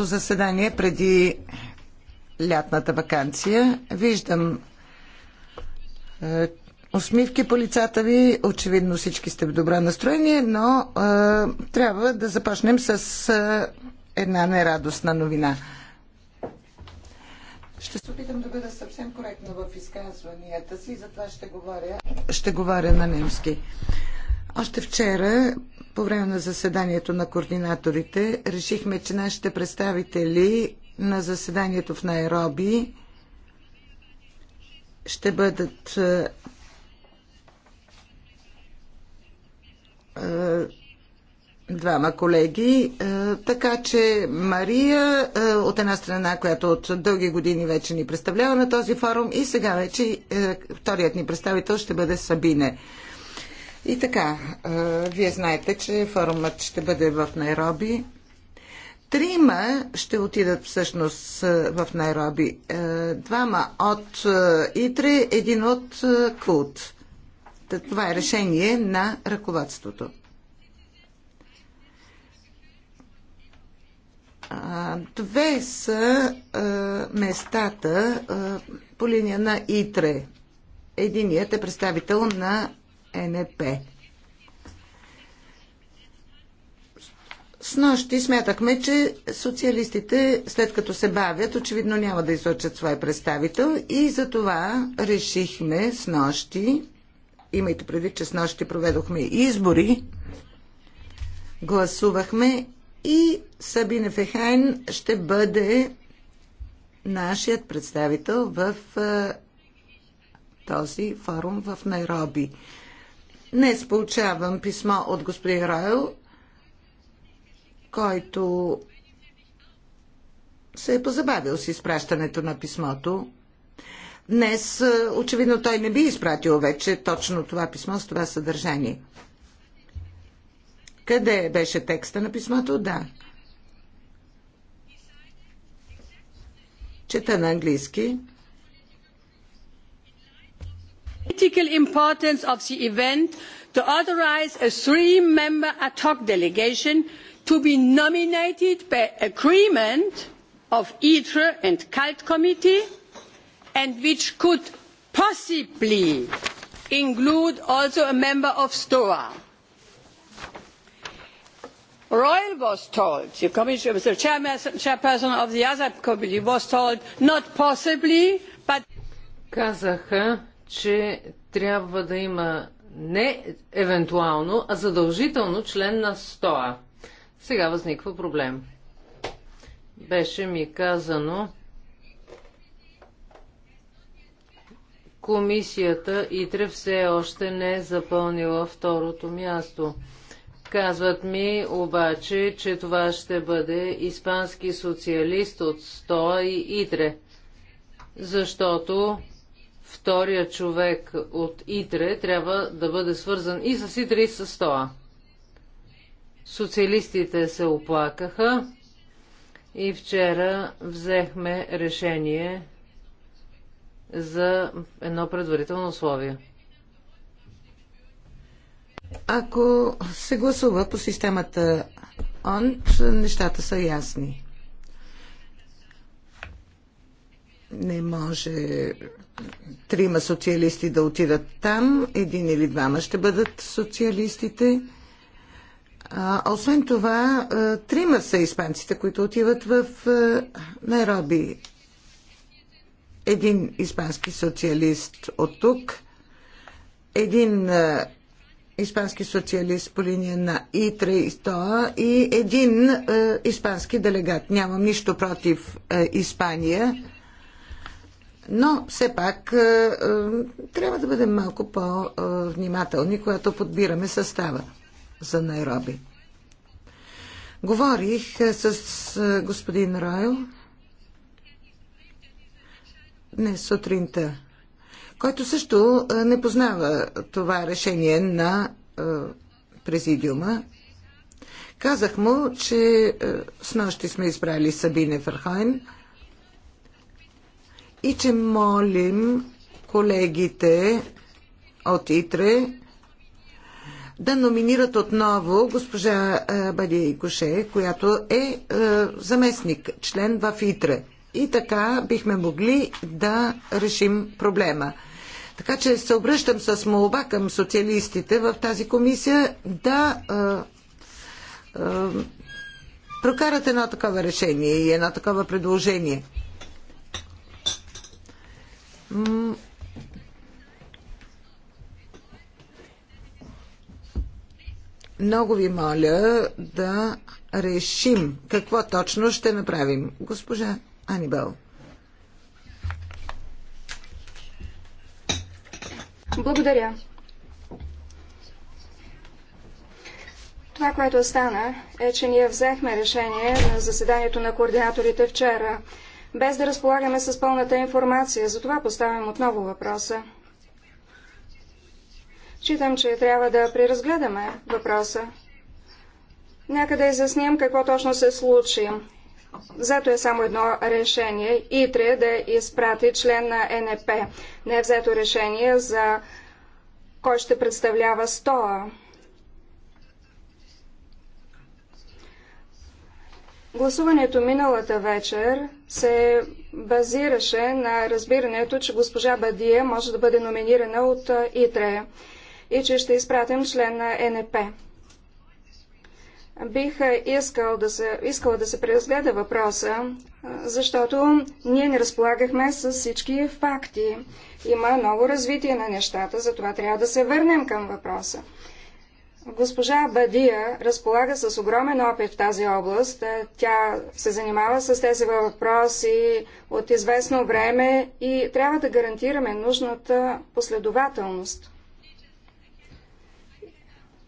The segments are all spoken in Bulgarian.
заседание преди лятната вакансия. Виждам е, усмивки по лицата ви. Очевидно всички сте в добро настроение, но е, трябва да започнем с е, една нерадостна новина. Ще се опитам да бъда съвсем коректна в изказванията си, затова ще говоря, ще говоря на немски. Още вчера по време на заседанието на координаторите решихме, че нашите представители на заседанието в Найроби ще бъдат е, е, двама колеги. Е, така че Мария, от една страна, която от дълги години вече ни представлява на този форум и сега вече вторият ни представител ще бъде Сабине. И така, вие знаете, че форумът ще бъде в Найроби. Трима ще отидат всъщност в Найроби. Двама от Итри, един от Култ. Това е решение на ръководството. Две са местата по линия на Итре. Единият е представител на НП. С нощи смятахме, че социалистите, след като се бавят, очевидно няма да излъчат своя представител и за това решихме с нощи, имайте преди, че с нощи проведохме избори, гласувахме и Сабина Фехайн ще бъде нашият представител в този форум в Найроби. Днес получавам писмо от господин Ройл, който се е позабавил с изпращането на писмото. Днес, е, очевидно, той не би изпратил вече точно това писмо с това съдържание. Къде беше текста на писмото? Да. Чета на английски political importance of the event to authorise a three member ad hoc delegation to be nominated by agreement of ITRE and CALT committee and which could possibly include also a member of STOA. Royal was told, the commissioner, the chairperson of the other committee was told, not possibly, but... Казаха, че трябва да има не евентуално, а задължително член на СТОА. Сега възниква проблем. Беше ми казано, комисията ИТРЕ все още не е запълнила второто място. Казват ми обаче, че това ще бъде испански социалист от СТОА и ИТРЕ, защото втория човек от ИТРЕ трябва да бъде свързан и с ИТРЕ, и с Тоа. Социалистите се оплакаха и вчера взехме решение за едно предварително условие. Ако се гласува по системата ОН, нещата са ясни. Не може трима социалисти да отидат там, един или двама ще бъдат социалистите. А, освен това, трима са испанците, които отиват в Найроби. Един испански социалист от тук, един испански социалист по линия на ИТРА и СТОА и един а, испански делегат. Нямам нищо против а, Испания. Но все пак е, е, трябва да бъдем малко по-внимателни, когато подбираме състава за Найроби. Говорих е, с господин Ройл днес сутринта, който също не познава това решение на президиума. Казах му, че с нощи сме избрали Сабине Ферхойн – и че молим колегите от ИТРЕ да номинират отново госпожа е, Бадия Икоше, която е, е заместник, член в ИТРЕ. И така бихме могли да решим проблема. Така че се обръщам с молба към социалистите в тази комисия да а, е, а, прокарат едно такова решение и едно такова предложение. Много ви моля да решим какво точно ще направим. Госпожа Анибел. Благодаря. Това, което стана, е, че ние взехме решение на заседанието на координаторите вчера без да разполагаме с пълната информация. Затова поставям отново въпроса. Читам, че трябва да преразгледаме въпроса. Нека да изясним какво точно се случи. Взето е само едно решение. ИТРЕ да изпрати член на НП. Не е взето решение за кой ще представлява СТОА. Гласуването миналата вечер се базираше на разбирането, че госпожа Бадия може да бъде номинирана от ИТРЕ и че ще изпратим член на НП. Бих искал да се, искала да се преразгледа въпроса, защото ние не разполагахме с всички факти. Има ново развитие на нещата, затова трябва да се върнем към въпроса. Госпожа Бадия разполага с огромен опит в тази област. Е, тя се занимава с тези въпроси от известно време и трябва да гарантираме нужната последователност.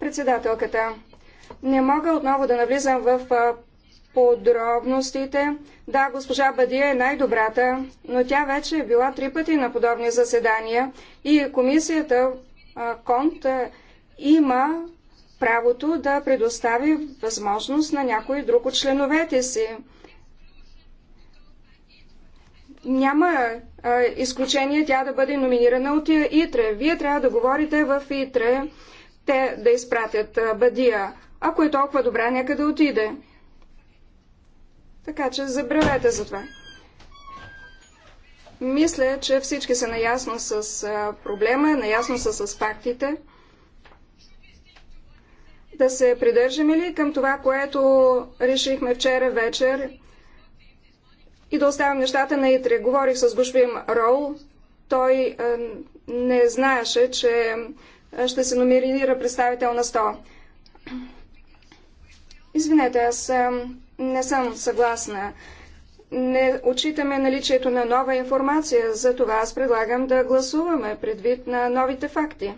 Председателката, не мога отново да навлизам в подробностите. Да, госпожа Бадия е най-добрата, но тя вече е била три пъти на подобни заседания и комисията Конт е, има правото да предостави възможност на някой друг от членовете си. Няма а, изключение тя да бъде номинирана от ИТРЕ. Вие трябва да говорите в ИТРЕ, те да изпратят а, Бадия. Ако е толкова добра, нека да отиде. Така че забравете за това. Мисля, че всички са наясно с проблема, наясно са с фактите. Да се придържаме ли към това, което решихме вчера вечер и да оставим нещата на Итре? Говорих с господин Рол. Той е, не знаеше, че е, ще се номерира представител на 100. Извинете, аз е, не съм съгласна. Не отчитаме наличието на нова информация, затова аз предлагам да гласуваме предвид на новите факти.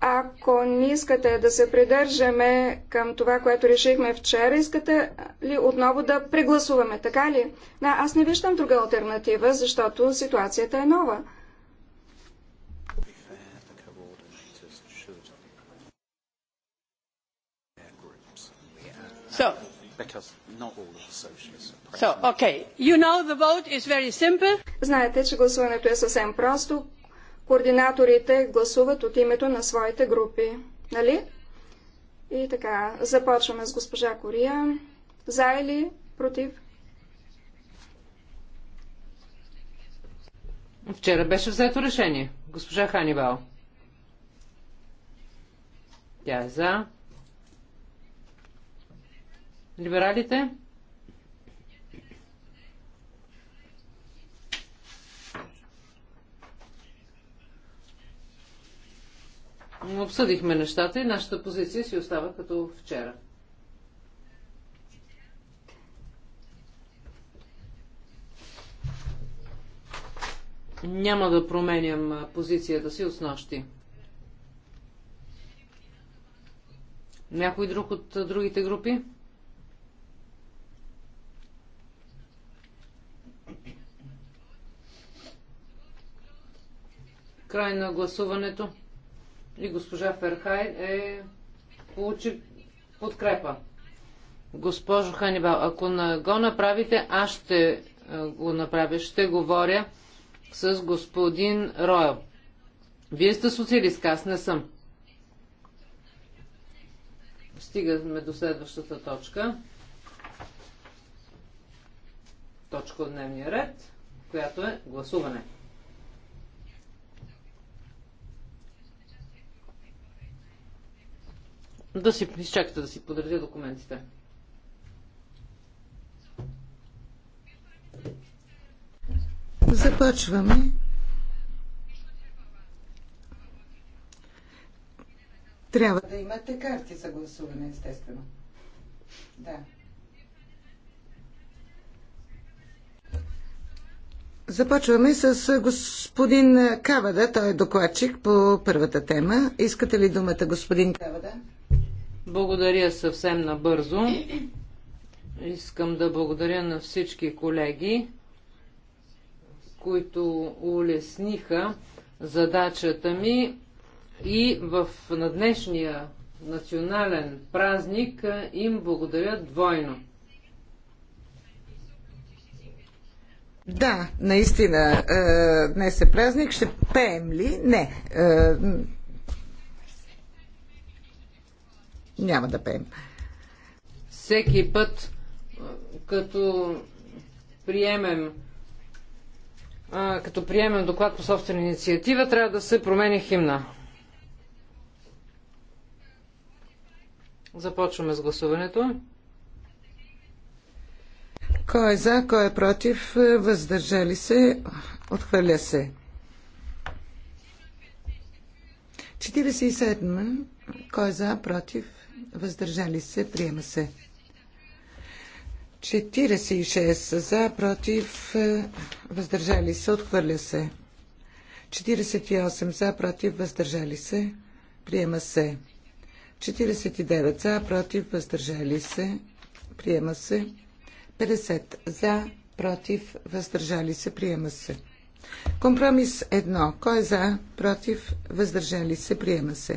Ако не искате да се придържаме към това, което решихме вчера, искате ли отново да прегласуваме, така ли? Да, аз не виждам друга альтернатива, защото ситуацията е нова. So, so, okay. you know Знаете, че гласуването е съвсем просто координаторите гласуват от името на своите групи. Нали? И така, започваме с госпожа Кория. За или против? Вчера беше взето решение. Госпожа Ханибал. Тя е за. Либералите? обсъдихме нещата и нашата позиция си остава като вчера. Няма да променям позицията си от нощи. Някой друг от другите групи? Край на гласуването и госпожа Ферхайн е получи подкрепа. Госпожо Ханибал, ако не го направите, аз ще е, го направя. Ще говоря с господин Роял. Вие сте социалист, аз не съм. Стигаме до следващата точка. Точка от дневния ред, която е гласуване. Да си изчакате да си подредя документите. Започваме. Трябва да имате карти за гласуване, естествено. Да. Започваме с господин Кавада. Той е докладчик по първата тема. Искате ли думата, господин Кавада? Благодаря съвсем набързо. Искам да благодаря на всички колеги, които улесниха задачата ми и в на днешния национален празник им благодаря двойно. Да, наистина, е, днес е празник. Ще пеем ли? Не. Е, няма да пеем. Всеки път, като приемем като приемем доклад по собствена инициатива, трябва да се променя химна. Започваме с гласуването. Кой е за, кой е против, въздържали се, отхвърля се. 47. Кой е за, против, въздържали се, приема се. 46 за, против, е, въздържали се, отхвърля се. 48 за, против, въздържали се, приема се. 49 за, против, въздържали се, приема се. 50 за, против, въздържали се, приема се. Компромис 1. Кой е за, против, въздържали се, приема се.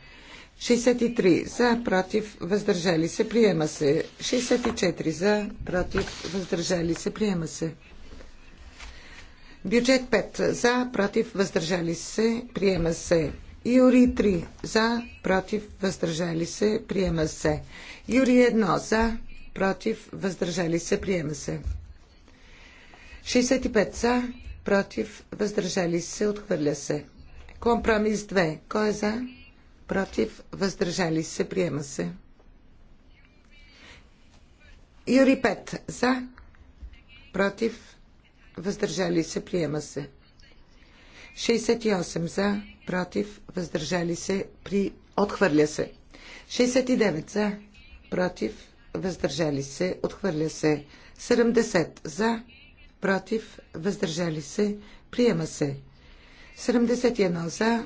63 за, против, въздържали се, приема се. 64 за, против, въздържали се, приема се. Бюджет 5 за, против, въздържали се, приема се. Юри 3 за, против, въздържали се, приема се. Юри 1 за, против, въздържали се, приема се. 65 за, против, въздържали се, отхвърля се. Компромис 2. Кой е за? против, въздържали се, приема се. Юри 5 за, против, въздържали се, приема се. 68 за, против, въздържали се, при... отхвърля се. 69 за, против, въздържали се, отхвърля се. 70 за, против, въздържали се, приема се. 71 за,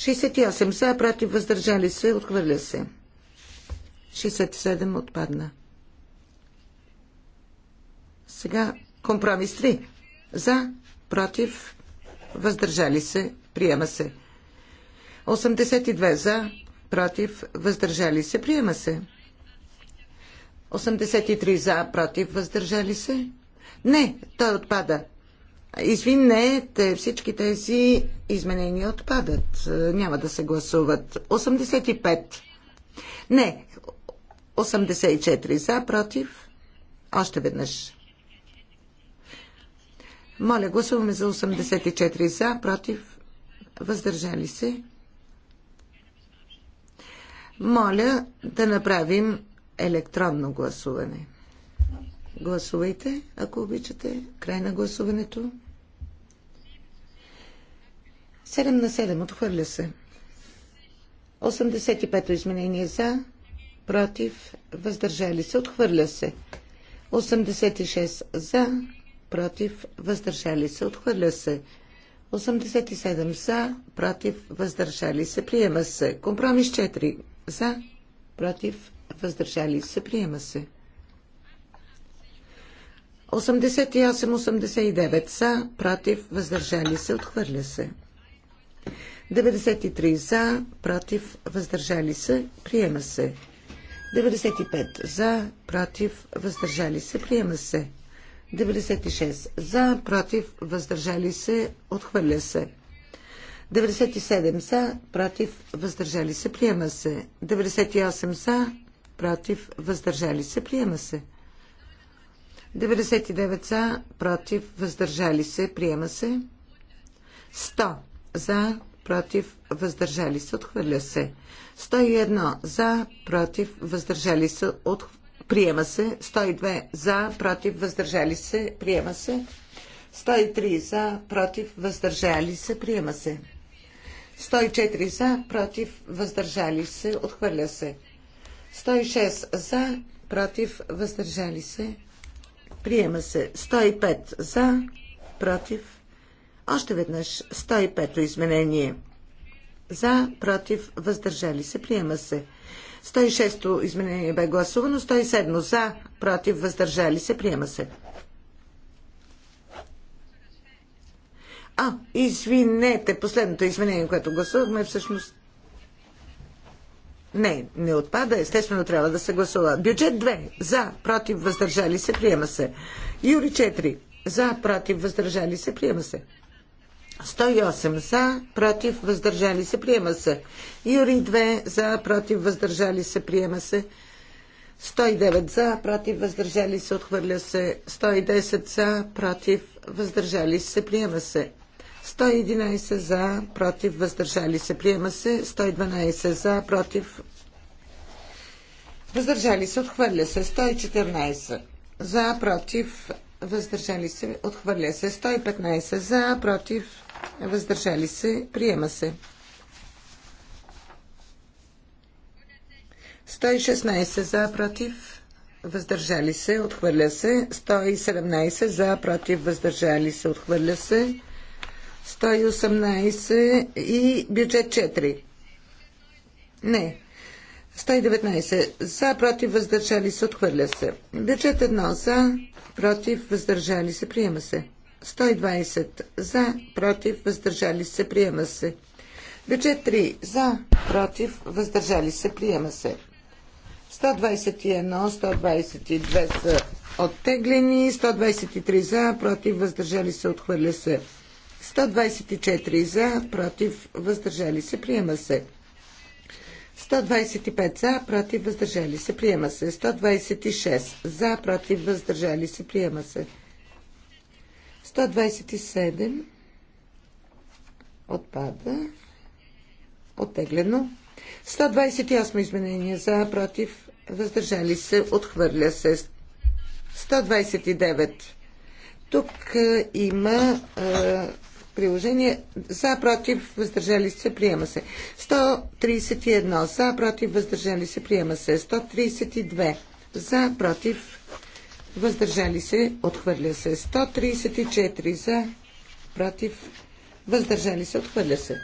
68 за, против, въздържали се, отхвърля се. 67 отпадна. Сега компромис 3. За, против, въздържали се, приема се. 82 за, против, въздържали се, приема се. 83 за, против, въздържали се. Не, той отпада. Извинете, всички тези изменения отпадат. Няма да се гласуват. 85. Не, 84 за, против. Още веднъж. Моля, гласуваме за 84 за, против. Въздържали се. Моля да направим електронно гласуване. Гласувайте, ако обичате. Край на гласуването. 7 на 7. Отхвърля се. 85-то изменение за, против, въздържали се. Отхвърля се. 86 за, против, въздържали се. Отхвърля се. 87 за, против, въздържали се. Приема се. Компромис 4 за, против, въздържали се. Приема се. 88-89 са, против, въздържали се, отхвърля се. 93 за, против, въздържали се, приема се. 95 за, против, въздържали се, приема се. 96 за, против, въздържали се, отхвърля се. 97 за, против, въздържали се, приема се. 98 за, против, въздържали се, приема се. 99 за, против, въздържали се, приема се. 100 за, против, въздържали се, отхвърля се. 101 за, против, въздържали се, от... приема се. 102 за, против, въздържали се, приема се. 103 за, против, въздържали се, приема се. 104 за, против, въздържали се, отхвърля се. 106 за, против, въздържали се, Приема се 105 за, против. Още веднъж 105 изменение. За, против, въздържали се. Приема се. 106-то изменение бе гласувано. 107 за, против, въздържали се. Приема се. А, извинете, последното изменение, което гласувахме, всъщност не, не отпада. Естествено трябва да се гласува. Бюджет 2. За, против, въздържали се, приема се. Юри 4. За, против, въздържали се, приема се. 108 за, против, въздържали се, приема се. Юри 2 за, против, въздържали се, приема се. 109 за, против, въздържали се, отхвърля се. 110 за, против, въздържали се, приема се. 111 за, против, въздържали се. Приема се. 112 за, против, въздържали се. Отхвърля се. 114 за, против, въздържали се. Отхвърля се. 115 за, против, въздържали се. Приема се. 116 за, против, въздържали се, отхвърля се. 117 за, против, въздържали се, отхвърля се. 118 и бюджет 4. Не. 119. За, против, въздържали се, отхвърля се. Бюджет 1. За, против, въздържали се, приема се. 120. За, против, въздържали се, приема се. Бюджет 3. За, против, въздържали се, приема се. 121, 122 са оттеглени, 123 за, против, въздържали се, отхвърля се. 124 за, против, въздържали се, приема се. 125 за, против, въздържали се, приема се. 126 за, против, въздържали се, приема се. 127 отпада. Оттеглено. 128 изменения за, против, въздържали се, отхвърля се. 129. Тук е, има е, приложение. За, против, въздържали се, приема се. 131. За, против, въздържали се, приема се. 132. За, против, въздържали се, отхвърля се. 134. За, против, въздържали се, отхвърля се.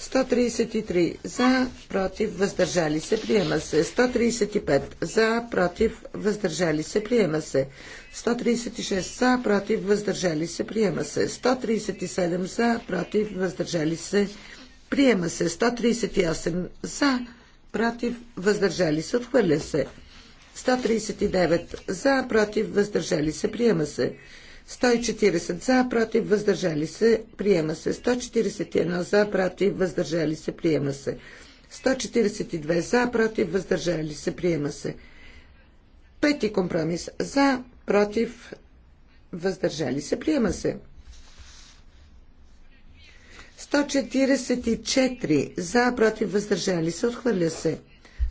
133 за, против, въздържали се, приема се. 135 за, против, въздържали се, приема се. 136 за, против, въздържали се, приема се. 137 за, против, въздържали се, приема се. 138 за, против, въздържали се, отхвърля се. 139 за, против, въздържали се, приема се. 140 за, против, въздържали се, приема се. 141 за, против, въздържали се, приема се. 142 за, против, въздържали се, приема се. Пети компромис за, против, въздържали се, приема се. 144 за, против, въздържали се, отхвърля се.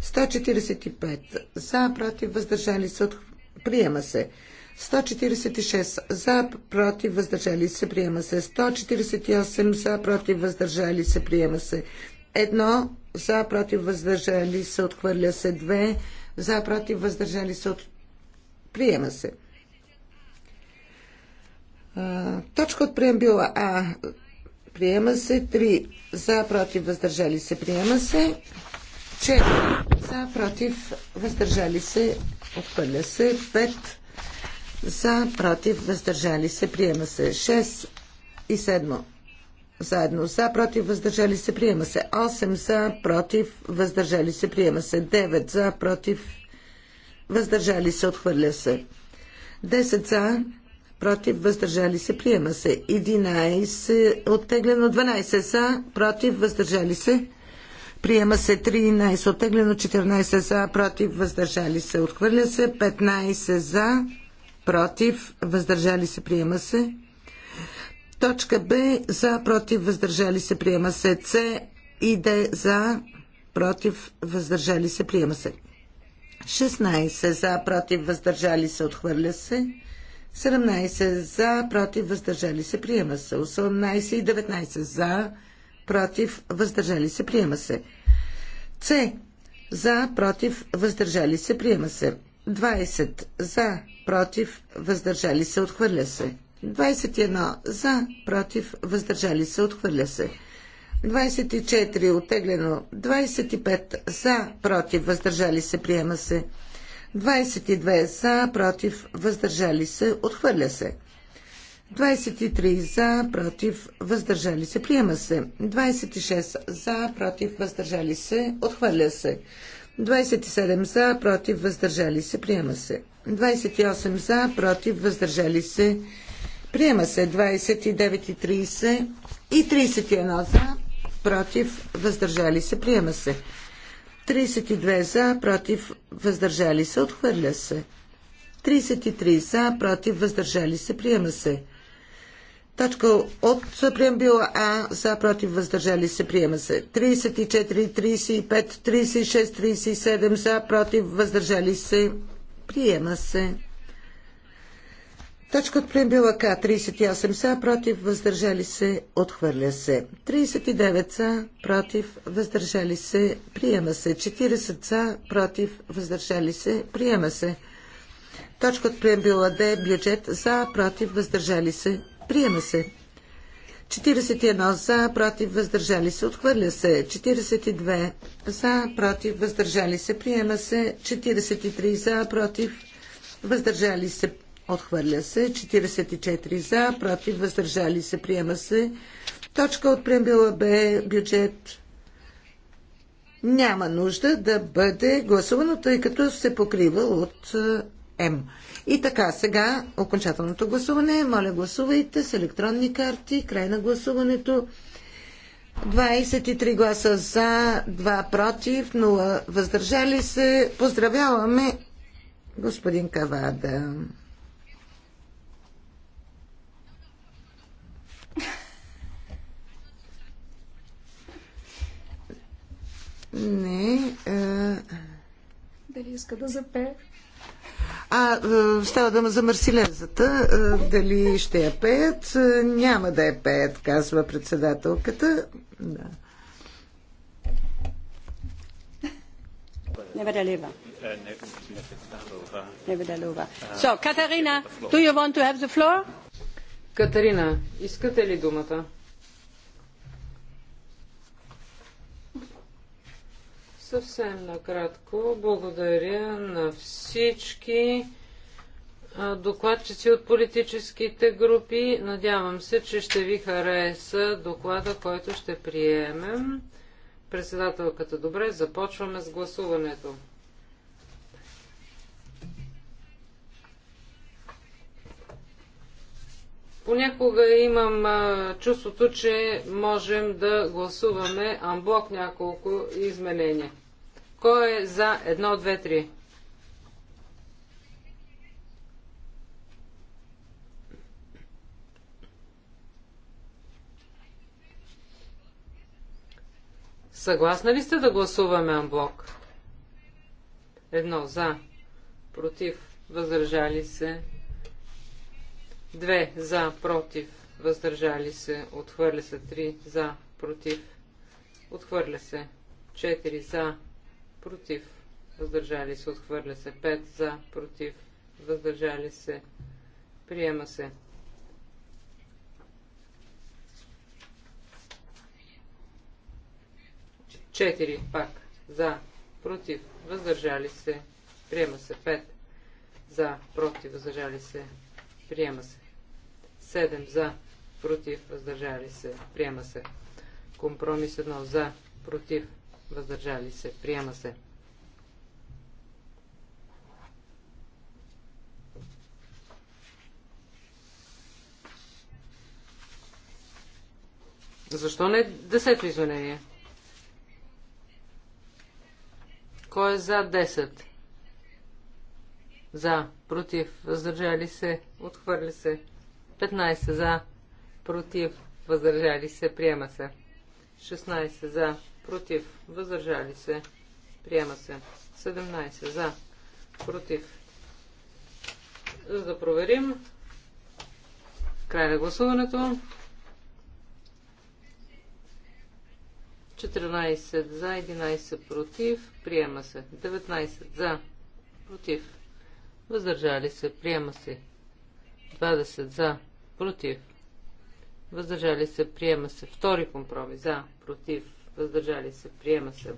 145 за, против, въздържали се, приема се. 146 за, против, въздържали се, приема се. 148 за, против, въздържали се, приема се. 1 за, против, въздържали се, отхвърля се. 2 за, против, въздържали се, от... приема се. Точка от преамбила А. Приема се. 3 за, против, въздържали се, приема се. 4 за, против, въздържали се, отхвърля се. 5 за, против, въздържали се, приема се. 6 и 7 заедно за, против, въздържали се, приема се. 8 за, против, въздържали се, приема се. 9 за, против, въздържали се, отхвърля се. 10 за, против, въздържали се, приема се. 11 оттеглено, 12 за, против, въздържали се, приема се. 13 оттеглено, 14 за, против, въздържали се, отхвърля се. 15 за, против, въздържали се, приема се. Точка Б за, против, въздържали се, приема се. С и Д за, против, въздържали се, приема се. 16 за, против, въздържали се, отхвърля се. 17 за, против, въздържали се, приема се. 18 и 19 за, против, въздържали се, приема се. С за, против, въздържали се, приема се. 20 за, против, въздържали се, отхвърля се. 21 за, против, въздържали се, отхвърля се. 24 оттеглено, 25 за, против, въздържали се, приема се. 22 за, против, въздържали се, отхвърля се. 23 за, против, въздържали се, приема се. 26 за, против, въздържали се, отхвърля се. 27 за, против, въздържали се, приема се. 28 за, против, въздържали се, приема се. 29 и 30 и 31 за, против, въздържали се, приема се. 32 за, против, въздържали се, отхвърля се. 33 за, против, въздържали се, приема се. Точка от преамбила А за против въздържали се приема се. 34, 35, 36, 37 за против въздържали се приема се. Точка от преамбила К 38 са против въздържали се отхвърля се. 39 са против въздържали се приема се. 40 са против въздържали се приема се. Точка от преамбила Д бюджет за против въздържали се Приема се. 41 за, против, въздържали се, отхвърля се. 42 за, против, въздържали се, приема се. 43 за, против, въздържали се, отхвърля се. 44 за, против, въздържали се, приема се. Точка от преамбила Б, бюджет. Няма нужда да бъде гласувано, тъй като се покрива от е, М. И така, сега окончателното гласуване. Моля, гласувайте с електронни карти. Край на гласуването. 23 гласа за, 2 против, 0 въздържали се. Поздравяваме господин Кавада. Не. А... Дали иска да запее? А е, става дума за марсилезата. Е, дали ще я пеят? Е, няма да я пеят, казва председателката. Да. Nevedaleva. Катерина, do you want to have the floor? искате ли думата? Съвсем накратко благодаря на всички докладчици от политическите групи. Надявам се, че ще ви хареса доклада, който ще приемем. Председателката, добре, започваме с гласуването. Понякога имам а, чувството, че можем да гласуваме анблок няколко изменения. Кой е за 1, 2, 3? Съгласна ли сте да гласуваме анблок? Едно за, против, възражали се, 2 за, против, въздържали се, отхвърля се 3 за, против, отхвърля се 4 за, против, въздържали се, отхвърля се 5 за, против, въздържали се, приема се. Четири пак за, против, въздържали се, приема се 5 за, против, въздържали се, Приема се. 7 за, против, въздържали се. Приема се. Компромис 1 за, против, въздържали се. Приема се. Защо не десето извинение? Кой е за 10? за, против, въздържали се, отхвърля се. 15 за, против, въздържали се, приема се. 16 за, против, въздържали се, приема се. 17 за, против. За да проверим. Край на гласуването. 14 за, 11 против, приема се. 19 за, против, Въздържали се. Приема се. 20 за. Против. Въздържали се. Приема се. Втори компромис. За. Против. Въздържали се. Приема се.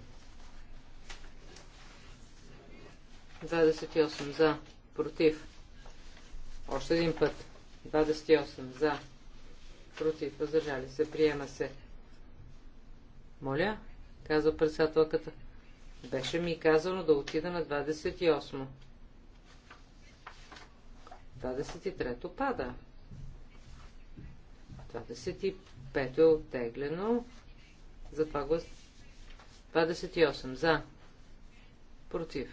28 за. Против. Още един път. 28 за. Против. Въздържали се. Приема се. Моля, казва председателката. Беше ми казано да отида на 28. 23-то пада. 25-то е оттеглено. Затова го... 28 за. Против.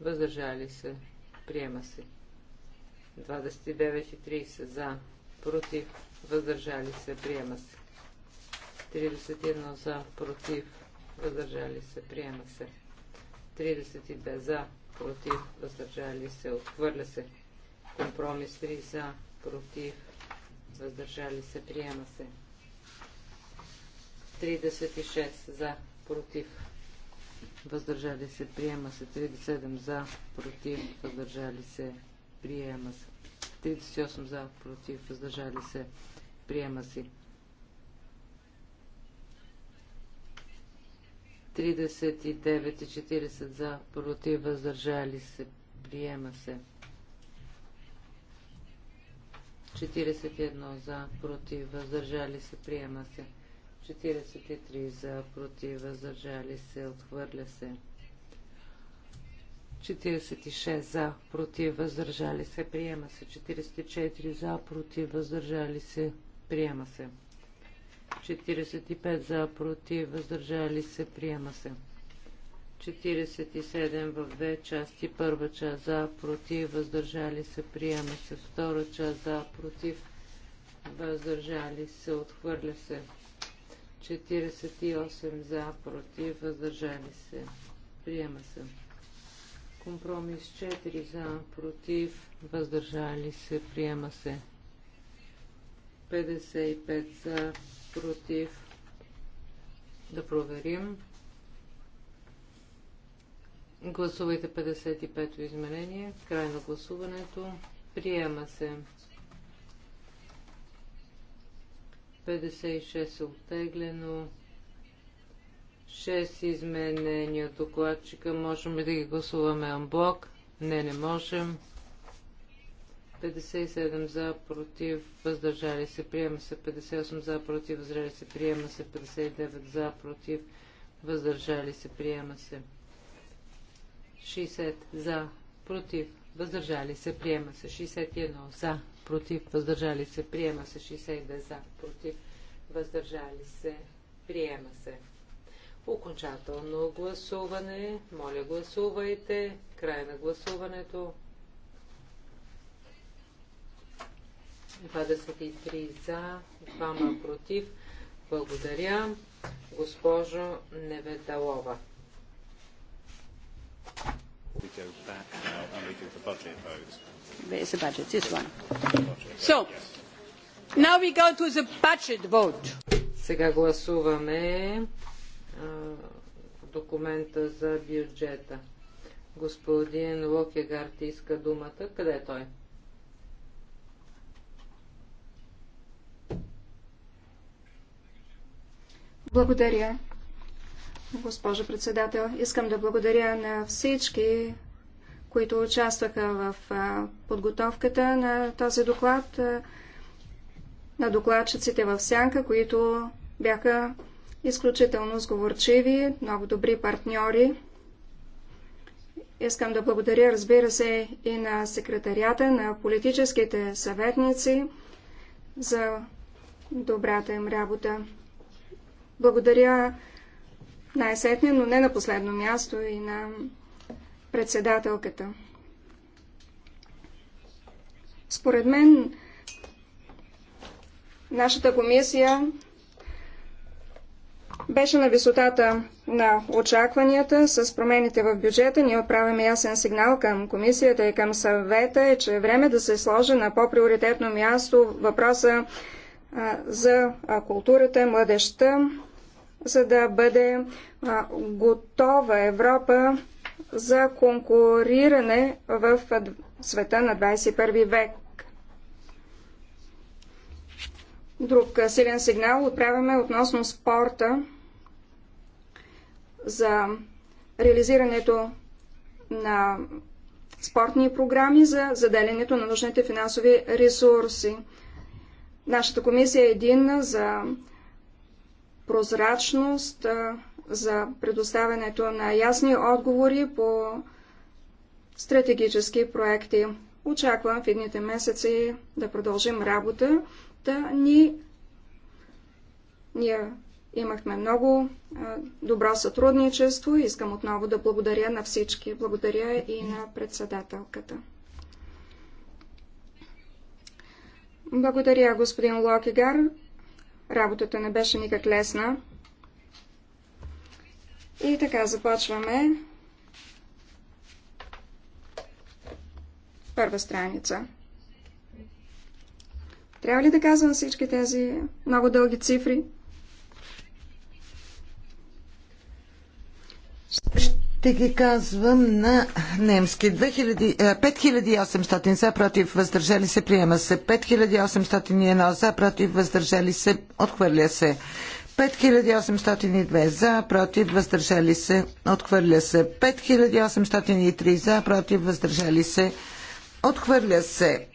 Въздържали се. Приема се. 29 и 30 за. Против. Въздържали се. Приема се. 31 за. Против. Въздържали се. Приема се. 32 за. Против. Въздържали се. Отхвърля се. Компромис 3 за, против, въздържали се, приема се. 36 за, против, въздържали се, приема се. 37 за, против, въздържали се, приема се. 38 за, против, въздържали се, приема се. 39 и 40 за, против, въздържали се, приема се. 41 за, против, въздържали се, приема се. 43 за, против, въздържали се, отхвърля се. 46 за, против, въздържали се, приема се. 44 за, против, въздържали се, приема се. 45 за, против, въздържали се, приема се. 47 в две части. Първа част за, против, въздържали се, приема се. Втора част за, против, въздържали се, отхвърля се. 48 за, против, въздържали се, приема се. Компромис 4 за, против, въздържали се, приема се. 55 за, против. Да проверим. Гласувайте 55-то изменение. Край на гласуването. Приема се. 56 е оттеглено. 6 изменения докладчика. Можем ли да ги гласуваме анблок? Не, не можем. 57 за, против, въздържали се, приема се. 58 за, против, въздържали се, приема се. 59 за, против, въздържали се, приема се. 60 за, против, въздържали се, приема се 61 за, против, въздържали се, приема се 62 за, против, въздържали се, приема се. Окончателно гласуване. Моля, гласувайте. Край на гласуването. 23 за, 2 против. Благодаря, госпожо Неведалова. We go back now and we do the budget vote. It's a budget, this one. So, now we go to the budget vote. Сега гласуваме а, документа за бюджета. Господин Локегард иска думата. Къде е той? Благодаря, госпожо председател. Искам да благодаря на всички, които участваха в подготовката на този доклад, на докладчиците в Сянка, които бяха изключително сговорчиви, много добри партньори. Искам да благодаря, разбира се, и на секретарията, на политическите съветници за добрата им работа. Благодаря най-сетне, но не на последно място и на председателката. Според мен, нашата комисия беше на висотата на очакванията. С промените в бюджета ние отправяме ясен сигнал към комисията и към съвета, е, че е време да се сложи на по-приоритетно място въпроса а, за културата, младеща, за да бъде готова Европа за конкуриране в света на 21 век. Друг силен сигнал отправяме относно спорта за реализирането на спортни програми за заделянето на нужните финансови ресурси. Нашата комисия е единна за прозрачност, за предоставянето на ясни отговори по стратегически проекти. Очаквам в едните месеци да продължим работа, да ни... Ние имахме много добро сътрудничество и искам отново да благодаря на всички. Благодаря и на председателката. Благодаря, господин Локигар. Работата не беше никак лесна. И така започваме. Първа страница. Трябва ли да казвам всички тези много дълги цифри? Ще ще ги казвам на немски. 5800 е, за, против, въздържали се, приема се. 5801 за, против, въздържали се, отхвърля се. 5802 за, против, въздържали се, отхвърля се. 5803 за, против, въздържали се, отхвърля се.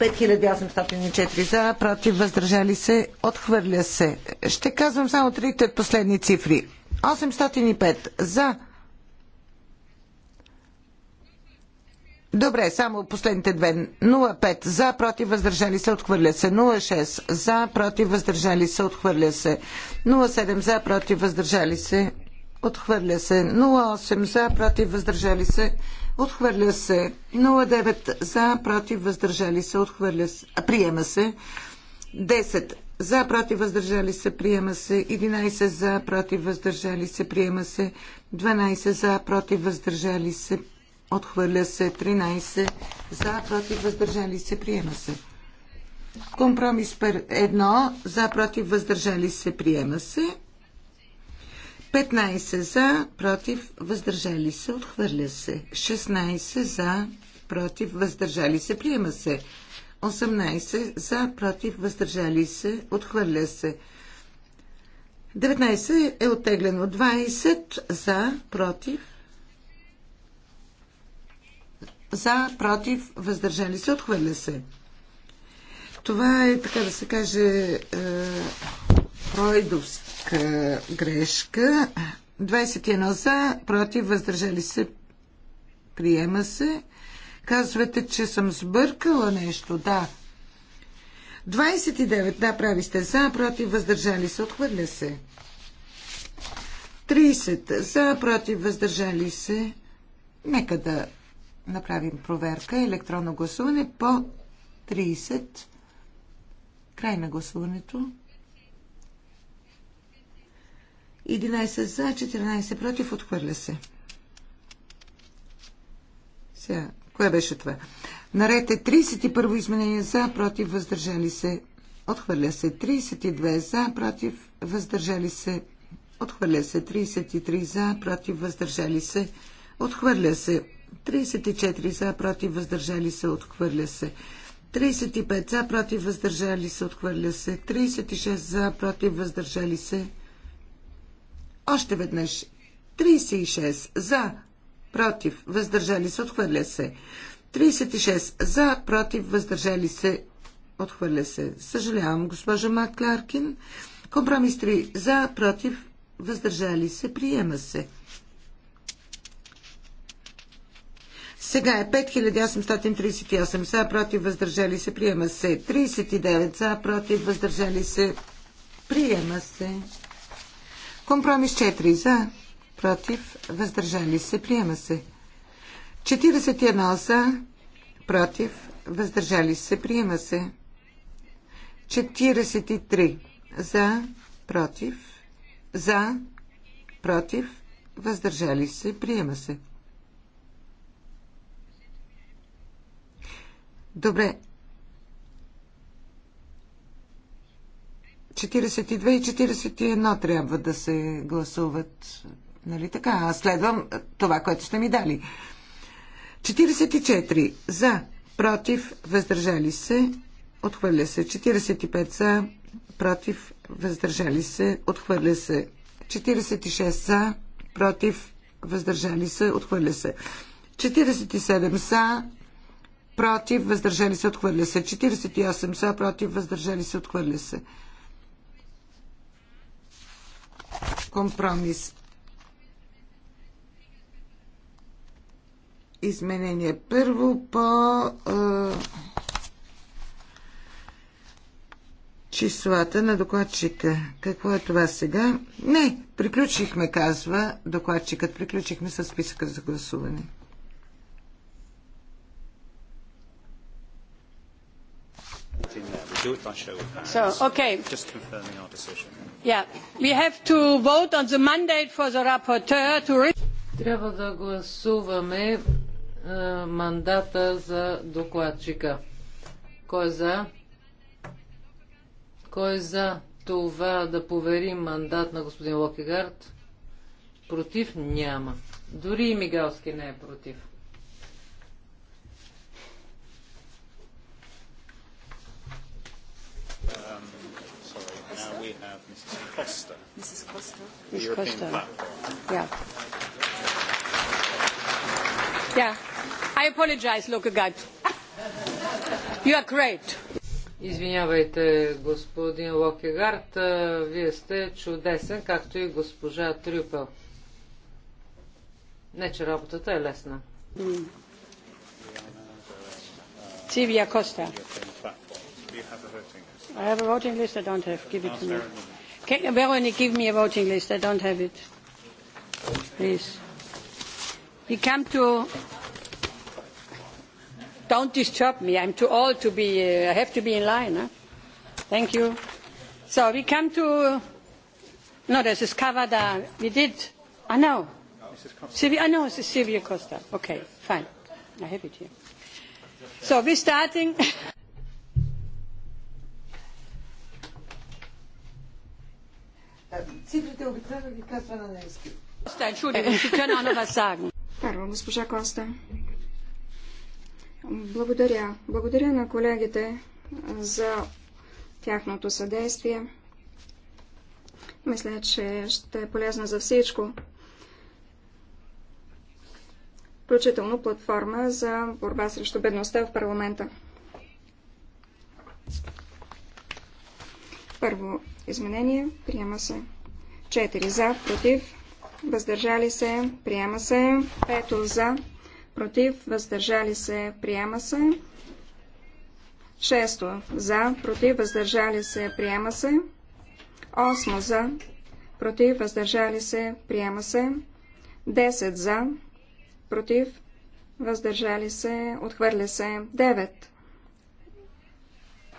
5804 за, против, въздържали се, отхвърля се. Ще казвам само трите последни цифри. 805 за. Добре, само последните две. 05 за, против, въздържали се, отхвърля се. 06 за, против, въздържали се, отхвърля се. 07 за, против, въздържали се, отхвърля се. 08 за, против, въздържали се, отхвърля се. 09 за, против, въздържали се, отхвърля се. Приема се. 10 за, против, въздържали се, приема се. 11 за, против, въздържали се, приема се. 12 за, против, въздържали се, отхвърля се. 13 за, против, въздържали се, приема се. Компромис 1 за, против, въздържали се, приема се. 15 за, против, въздържали се, отхвърля се. 16 за, против, въздържали се, приема се. 18 за, против, въздържали се, отхвърля се. 19 е оттеглено. 20 за, против. За, против, въздържали се, отхвърля се. Това е, така да се каже, е, пройдовска грешка. 21 за, против, въздържали се, приема се. Казвате, че съм сбъркала нещо, да. 29, да, прави сте за, против, въздържали се, отхвърля се. 30, за, против, въздържали се. Нека да направим проверка. Електронно гласуване по 30. Край на гласуването. 11 за, 14 против, отхвърля се. Сега Кое беше това? Наред е 31 изменение за, против, въздържали се. Отхвърля се 32 за, против, въздържали се. Отхвърля се 33 за, против, въздържали се. Отхвърля се 34 за, против, въздържали се. Отхвърля се. 35 за, против, въздържали се. Отхвърля се. 36 за, против, въздържали се. Още веднъж. 36 за, против, въздържали се, отхвърля се. 36 за, против, въздържали се, отхвърля се. Съжалявам, госпожа Маккларкин. Компромис 3 за, против, въздържали се, приема се. Сега е 5838 за, против, въздържали се, приема се. 39 за, против, въздържали се, приема се. Компромис 4 за, против, въздържали се, приема се. 41 за, против, въздържали се, приема се. 43 за, против, за, против, въздържали се, приема се. Добре. 42 и 41 трябва да се гласуват Нали така? Аз следвам това, което сте ми дали. 44 за, против, въздържали се, отхвърля се. 45 за, против, въздържали се, отхвърля се. 46 за, против, въздържали се, отхвърля се. 47 са, против, въздържали се, отхвърля се. 48 са, против, въздържали се, отхвърля се. Компромис изменение. Първо по е, числата на докладчика. Какво е това сега? Не, приключихме, казва докладчикът. Приключихме с списъка за гласуване. So, okay. Just confirming our decision. Yeah, we have to vote on the mandate for the rapporteur to. Трябва да гласуваме е, мандата за докладчика. Кой е за? Кой е за това да поверим мандат на господин Локегард? Против няма. Дори и Мигалски не е против. Costa. Um, Mrs. Costa. Mrs. Costa. Yeah. Yeah. I apologize, Lukagard. You are great. Извинявайте, господин Локегард, вие сте чудесен, както и госпожа Трюпел. Не, че работата е лесна. Сивия Коста. I have a voting list I don't have. Give it to me. Can, you, Veronique, give me a voting list. I don't have it. Please. We come to Don't disturb me. I'm too old to be. Uh, I have to be in line. Huh? Thank you. So we come to. No, this is Cavada. We did. I know. I know this is Silvia Costa. Okay, fine. I have it here. So we're starting. Цифрите обикновено ги казва на немски. Entschuldigung, Sie können auch noch was sagen. Първо, госпожа Коста. Благодаря. Благодаря на колегите за тяхното съдействие. Мисля, че ще е полезно за всичко. Включително платформа за борба срещу бедността в парламента. Първо изменение. Приема се. Четири за, против. Въздържали се. Приема се. Пето за, против, въздържали се, приема се. Шесто, за, против, въздържали се, приема се. Осмо, за, против, въздържали се, приема се. 10 за, против, въздържали се, отхвърля се, 9.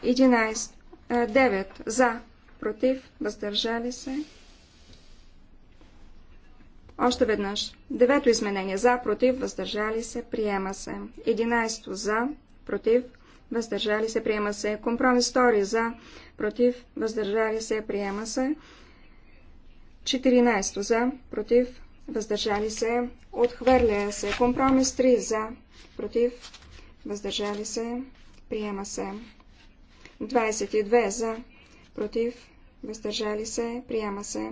11. 9 за, против, въздържали се, още веднъж. Девето изменение. За, против, въздържали се, приема се. Единайсто. За, против, въздържали се, приема се. Компромис втори. За, против, въздържали се, приема се. 14 за, против, въздържали се, отхвърля се. Компромис 3 за, против, въздържали се, приема се. 22 за, против, въздържали се, приема се.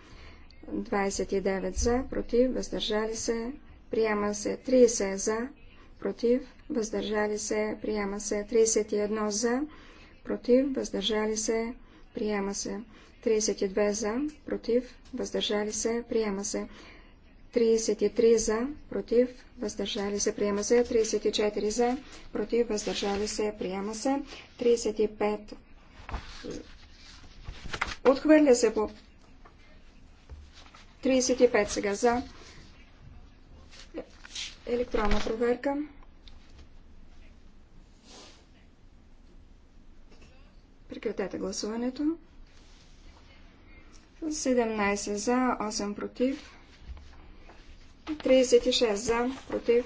29 за, против, въздържали се, приема се 30 за, против, въздържали се, приема се 31 за, против, въздържали се, приема се 32 за, против, въздържали се, приема се 33 за, против, въздържали се, приема се 34 за, против, въздържали се, приема се 35 Отхвърля се по 35 сега за електронна проверка. Прекратете гласуването. 17 за, 8 против. 36 за, против.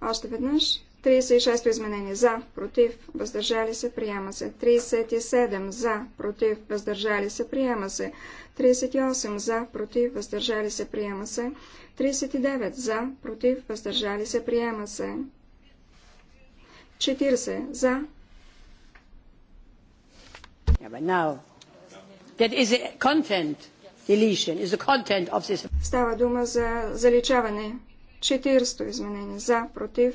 Още веднъж. 36 изменение за, против, въздържали се, приема се. 37 за, против, въздържали се, приема се. 38 за, против, въздържали се, приема се. 39 за, против, въздържали се, приема се. 40 за. Става дума за заличаване. 40 изменение за, против,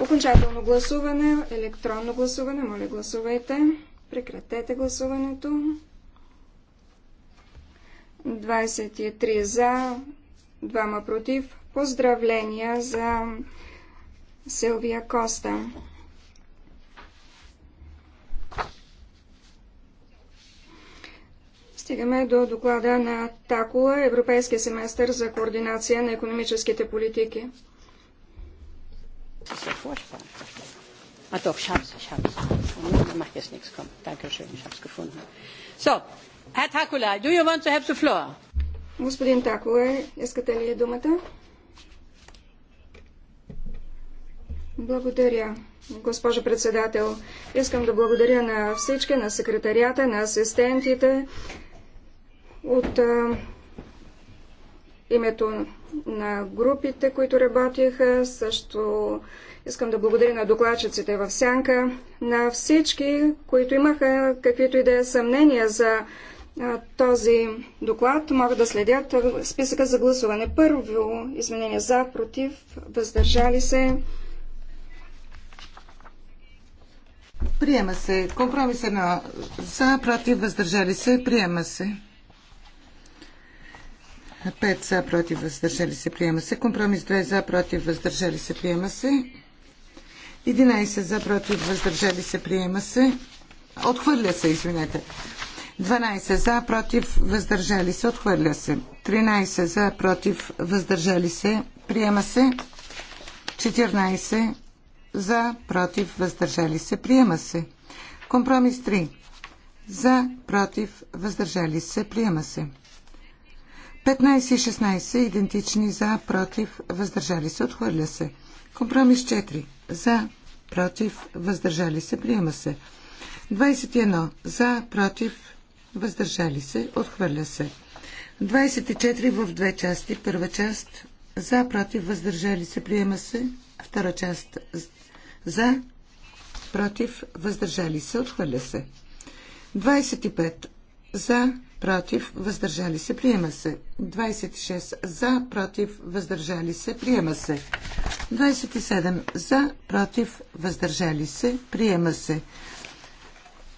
Окончателно гласуване, електронно гласуване, моля гласувайте. Прекратете гласуването. 23 за, 2 против. Поздравления за Силвия Коста. Стигаме до доклада на ТАКОЛА Европейския семестър за координация на економическите политики. Das ist ja furchtbar. Ah doch, ich hab's, ich hab's. Ich macht jetzt nichts, komm. Dankeschön, ich hab's gefunden. So, Herr Takula, do you want to have the floor? Господин Такова, искате ли думата? Благодаря, госпожо председател. Искам да благодаря на всички, на секретарията, на асистентите от а, името на групите, които работиха. Също искам да благодаря на докладчиците в Сянка, на всички, които имаха каквито и да е съмнения за този доклад, могат да следят списъка за гласуване. Първо изменение за, против, въздържали се. Приема се. компромисът на За, против, въздържали се. Приема се. 5 за, против, въздържали се, приема се. Компромис 2 за, против, въздържали се, приема се. 11 за, против, въздържали се, приема се. Отхвърля се, извинете. 12 за, против, въздържали се, отхвърля се. 13 за, против, въздържали се, приема се. 14 за, против, въздържали се, приема се. Компромис 3. За, против, въздържали се, приема се. 15 и 16 идентични за, против, въздържали се, отхвърля се. Компромис 4 за, против, въздържали се, приема се. 21 за, против, въздържали се, отхвърля се. 24 в две части. Първа част за, против, въздържали се, приема се. Втора част за, против, въздържали се, отхвърля се. 25 за, против, въздържали се, приема се. 26 за, против, въздържали се, приема се. 27 за, против, въздържали се, приема се.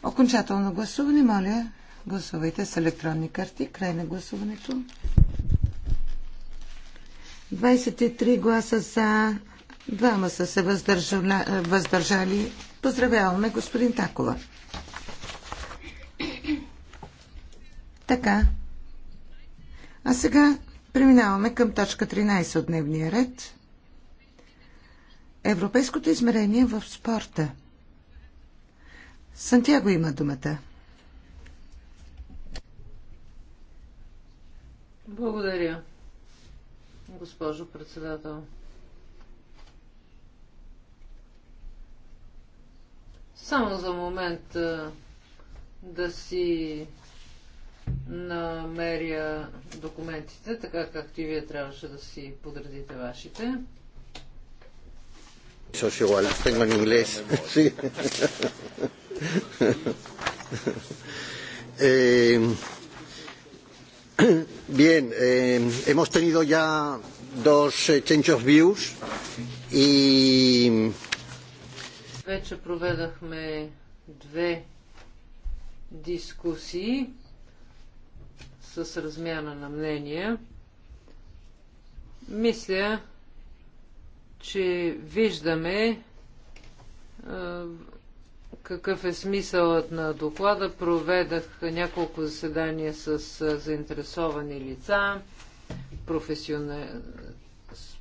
Окончателно гласуване, моля, гласувайте с електронни карти. Край на гласуването. 23 гласа за, двама са се въздържали. Поздравяваме господин Такова. Така. А сега преминаваме към точка 13 от дневния ред. Европейското измерение в спорта. Сантьяго има думата. Благодаря, госпожо председател. Само за момент да си намеря документите, така както и вие трябваше да си подредите вашите. igual, tengo en inglés. Sí. eh, bien, eh, hemos tenido ya dos eh, change of views y... Вече проведахме две дискусии с размяна на мнения. Мисля, че виждаме какъв е смисълът на доклада. Проведах няколко заседания с заинтересовани лица,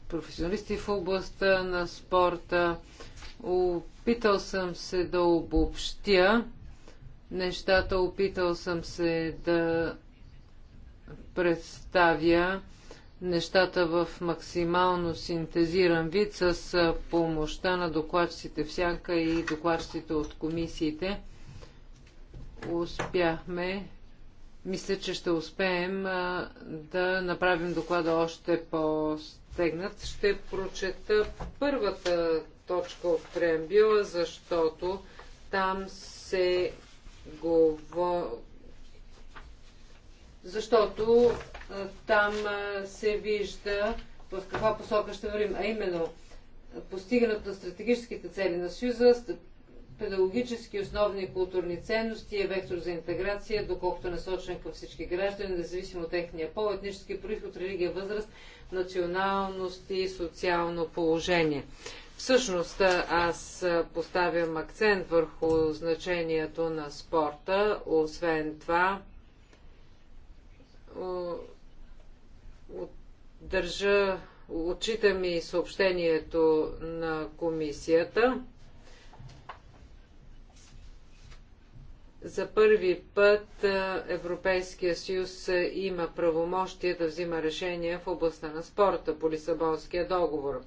професионалисти в областта на спорта. Опитал съм се да обобщя нещата, опитал съм се да представя нещата в максимално синтезиран вид с помощта на докладчиците в сянка и докладчиците от комисиите. Успяхме, мисля, че ще успеем да направим доклада още по-стегнат. Ще прочета първата точка от преамбила, защото там се говори защото там се вижда в каква посока ще вървим, а именно постигането на стратегическите цели на Съюза, педагогически основни културни ценности е вектор за интеграция, доколкото е насочен към всички граждани, независимо от техния пол, етнически происход, религия, възраст, националност и социално положение. Всъщност аз поставям акцент върху значението на спорта. Освен това, държа, отчитам и съобщението на комисията. За първи път Европейския съюз има правомощие да взима решения в областта на спорта по Лисабонския договор.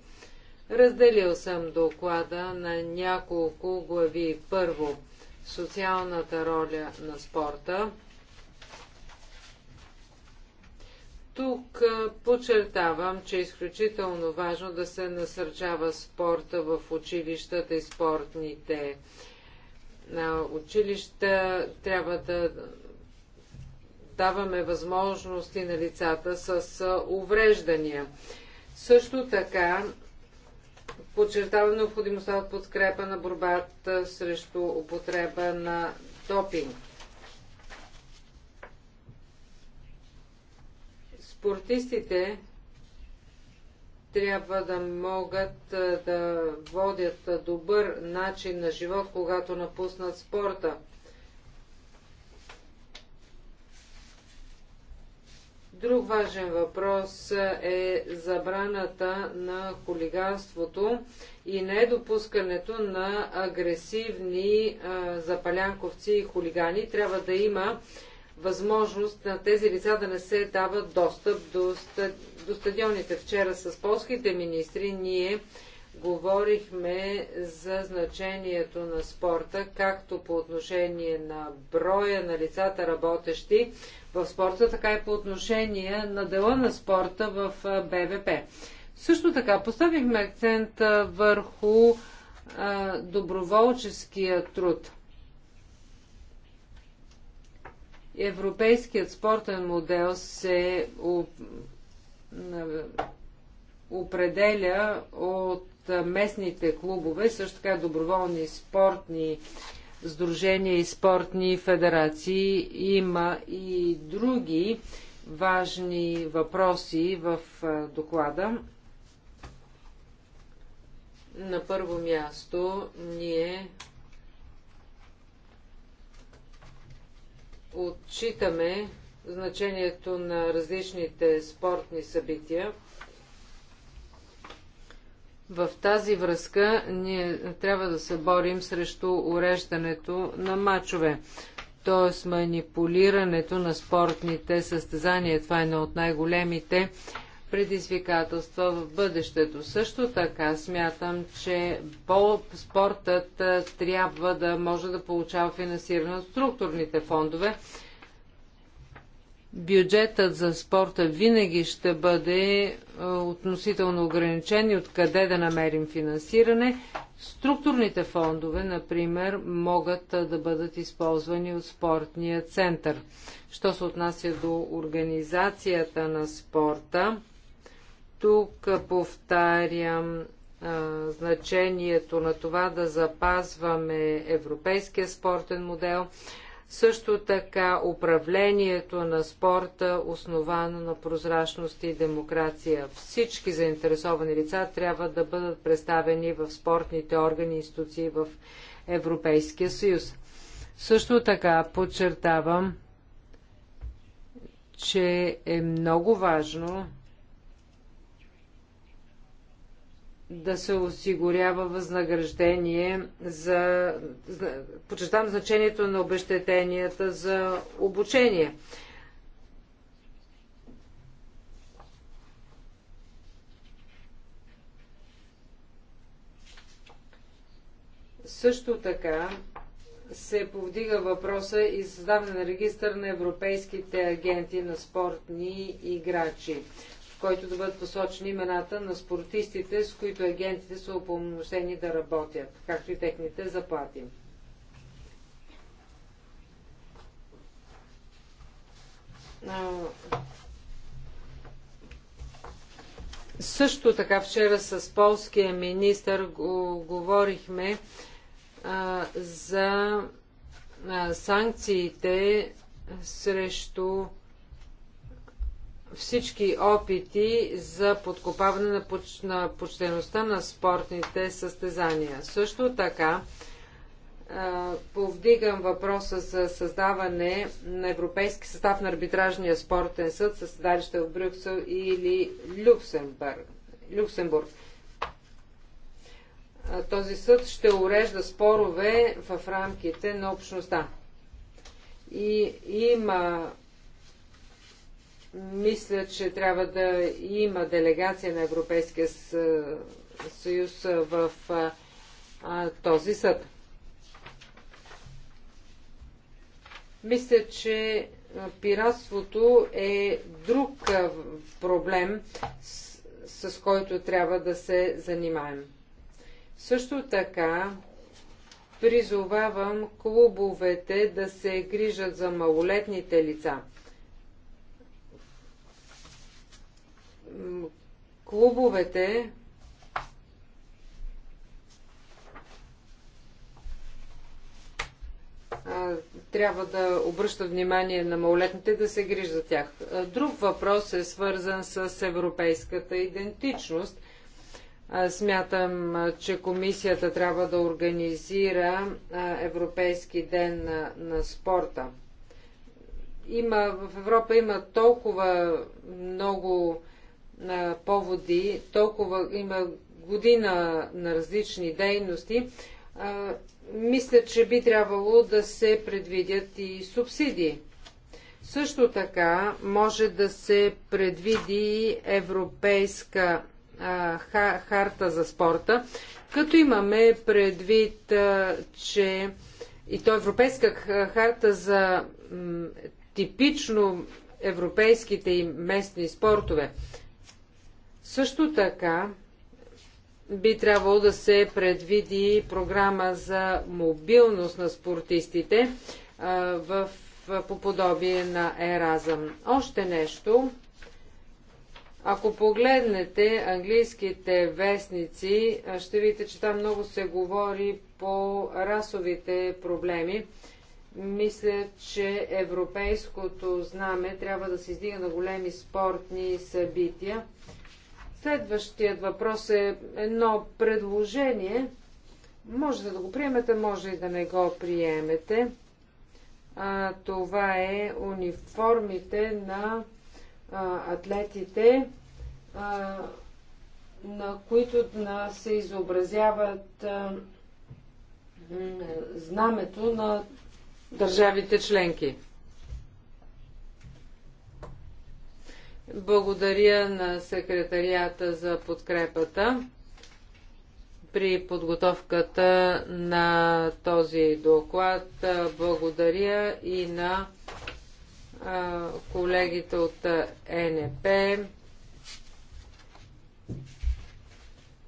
Разделил съм доклада на няколко глави. Първо, социалната роля на спорта Тук подчертавам, че е изключително важно да се насърчава спорта в училищата и спортните на училища. Трябва да даваме възможности на лицата с увреждания. Също така подчертавам необходимостта от подкрепа на борбата срещу употреба на допинг. Спортистите трябва да могат да водят добър начин на живот, когато напуснат спорта. Друг важен въпрос е забраната на хулиганството и недопускането на агресивни а, запалянковци и хулигани. Трябва да има възможност на тези лица да не се дава достъп до, до стадионите. Вчера с полските министри ние говорихме за значението на спорта, както по отношение на броя на лицата работещи в спорта, така и по отношение на дела на спорта в БВП. Също така поставихме акцент върху доброволческия труд – Европейският спортен модел се определя от местните клубове, също така доброволни спортни сдружения и спортни федерации. Има и други важни въпроси в доклада. На първо място ние отчитаме значението на различните спортни събития. В тази връзка ние трябва да се борим срещу уреждането на мачове, т.е. манипулирането на спортните състезания. Това е едно от най-големите предизвикателства в бъдещето. Също така смятам, че спортът трябва да може да получава финансиране от структурните фондове. Бюджетът за спорта винаги ще бъде относително ограничен и откъде да намерим финансиране. Структурните фондове, например, могат да бъдат използвани от спортния център. Що се отнася до организацията на спорта, тук повтарям значението на това да запазваме европейския спортен модел, също така управлението на спорта, основано на прозрачност и демокрация. Всички заинтересовани лица трябва да бъдат представени в спортните органи и институции в Европейския съюз. Също така подчертавам, че е много важно да се осигурява възнаграждение за... Почетам значението на обещетенията за обучение. Също така се повдига въпроса и създаване на регистър на европейските агенти на спортни играчи който да бъдат посочени имената на спортистите, с които агентите са упълномощени да работят, както и техните заплати. Също така вчера с полския министр го, говорихме а, за а, санкциите срещу всички опити за подкопаване на, поч... на почтеността на спортните състезания. Също така повдигам въпроса за създаване на европейски състав на арбитражния спортен съд със седалище в Брюксел или Люксембург. Люксембург. този съд ще урежда спорове в рамките на общността. И има мисля, че трябва да има делегация на Европейския съюз в този съд. Мисля, че пиратството е друг проблем, с, с който трябва да се занимаем. Също така призовавам клубовете да се грижат за малолетните лица – клубовете трябва да обръщат внимание на малолетните да се грижа за тях. Друг въпрос е свързан с европейската идентичност. Смятам, че комисията трябва да организира Европейски ден на, на спорта. Има, в Европа има толкова много поводи, толкова има година на различни дейности, мисля, че би трябвало да се предвидят и субсидии. Също така може да се предвиди европейска а, харта за спорта, като имаме предвид, а, че и то европейска харта за м, типично европейските и местни спортове. Също така би трябвало да се предвиди програма за мобилност на спортистите в, по подобие на Еразъм. Още нещо. Ако погледнете английските вестници, ще видите, че там много се говори по расовите проблеми. Мисля, че европейското знаме трябва да се издига на големи спортни събития Следващият въпрос е едно предложение. Можете да го приемете, може и да не го приемете. А, това е униформите на а, атлетите, а, на които на, се изобразяват а, знамето на държавите членки. Благодаря на секретарията за подкрепата при подготовката на този доклад. Благодаря и на колегите от ЕНП.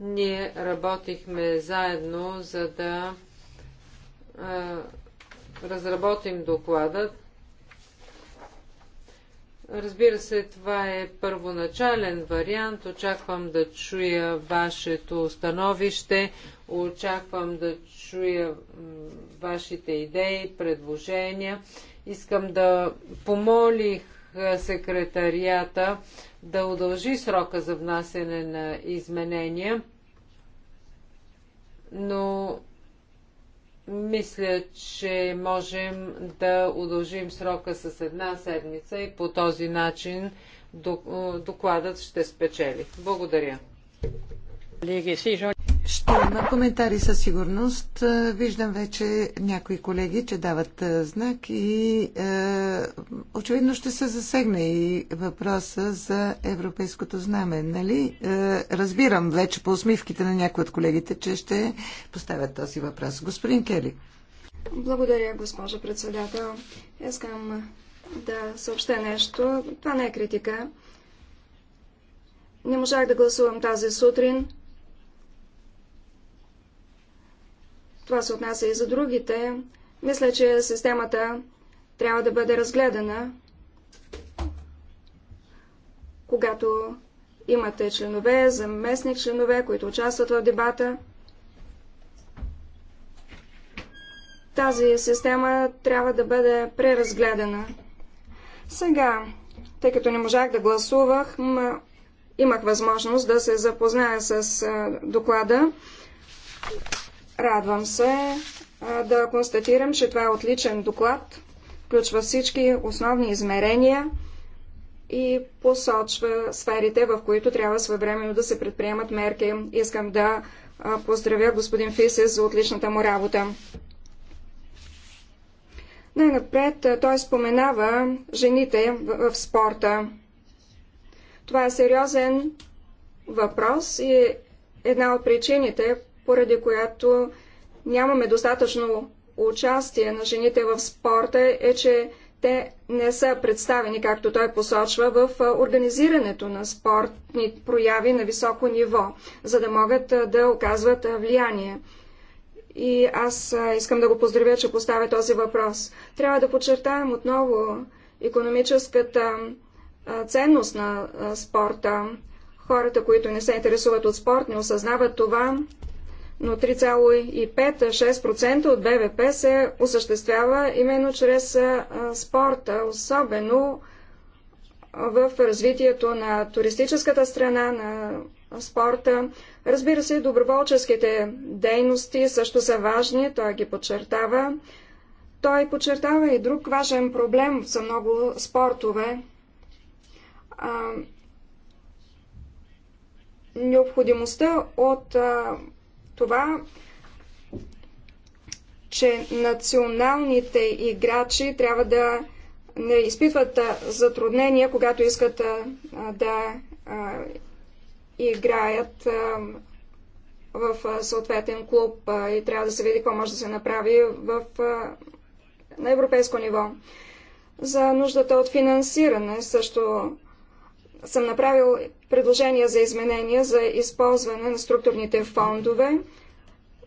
Ние работихме заедно, за да разработим докладът. Разбира се, това е първоначален вариант. Очаквам да чуя вашето становище, очаквам да чуя вашите идеи, предложения. Искам да помолих секретарията да удължи срока за внасене на изменения, но мисля, че можем да удължим срока с една седмица и по този начин докладът ще спечели. Благодаря. Ще има коментари със сигурност. Е, виждам вече някои колеги, че дават е, знак и е, очевидно ще се засегне и въпроса за европейското знаме. Нали? Е, разбирам вече по усмивките на някои от колегите, че ще поставят този въпрос. Господин Кели. Благодаря, госпожо председател. Искам да съобща нещо. Това не е критика. Не можах да гласувам тази сутрин, Това се отнася и за другите. Мисля, че системата трябва да бъде разгледана, когато имате членове, заместник членове, които участват в дебата. Тази система трябва да бъде преразгледана. Сега, тъй като не можах да гласувах, имах възможност да се запозная с доклада. Радвам се да констатирам, че това е отличен доклад, включва всички основни измерения и посочва сферите, в които трябва своевременно да се предприемат мерки. Искам да поздравя господин Фисес за отличната му работа. Най-напред той споменава жените в спорта. Това е сериозен въпрос и една от причините, поради която нямаме достатъчно участие на жените в спорта, е, че те не са представени, както той посочва, в организирането на спортни прояви на високо ниво, за да могат да оказват влияние. И аз искам да го поздравя, че поставя този въпрос. Трябва да подчертаем отново економическата ценност на спорта. Хората, които не се интересуват от спорт, не осъзнават това, но 3,5-6% от БВП се осъществява именно чрез спорта, особено в развитието на туристическата страна, на спорта. Разбира се, доброволческите дейности също са важни, той ги подчертава. Той подчертава и друг важен проблем за много спортове. необходимостта от а, това, че националните играчи трябва да не изпитват затруднения, когато искат да играят в съответен клуб и трябва да се види какво може да се направи в, на европейско ниво. За нуждата от финансиране също съм направил предложение за изменения за използване на структурните фондове.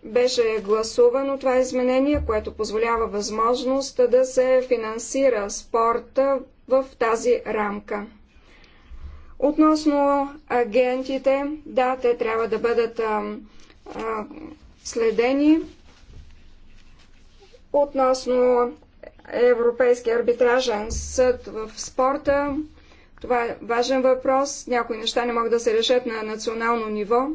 Беше гласувано това изменение, което позволява възможност да се финансира спорта в тази рамка. Относно агентите, да, те трябва да бъдат а, а, следени. Относно Европейския арбитражен съд в спорта, това е важен въпрос. Някои неща не могат да се решат на национално ниво.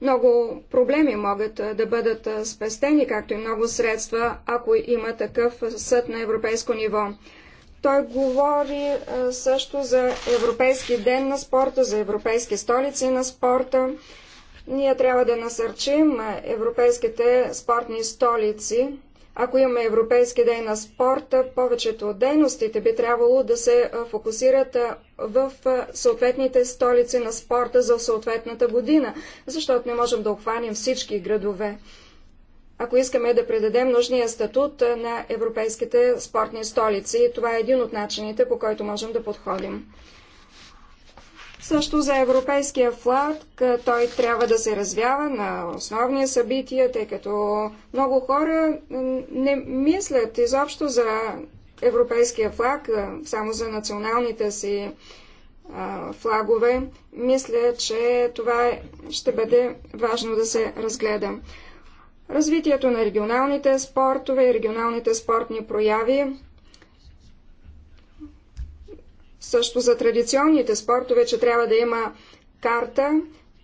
Много проблеми могат да бъдат спестени, както и много средства, ако има такъв съд на европейско ниво. Той говори също за Европейски ден на спорта, за европейски столици на спорта. Ние трябва да насърчим европейските спортни столици, ако имаме Европейски ден на спорта, повечето от дейностите би трябвало да се фокусират в съответните столици на спорта за съответната година, защото не можем да обхванем всички градове. Ако искаме да предадем нужния статут на европейските спортни столици, това е един от начините, по който можем да подходим. Също за европейския флаг той трябва да се развява на основния събития, тъй като много хора не мислят изобщо за европейския флаг, само за националните си флагове. Мисля, че това ще бъде важно да се разгледа. Развитието на регионалните спортове и регионалните спортни прояви също за традиционните спортове, че трябва да има карта.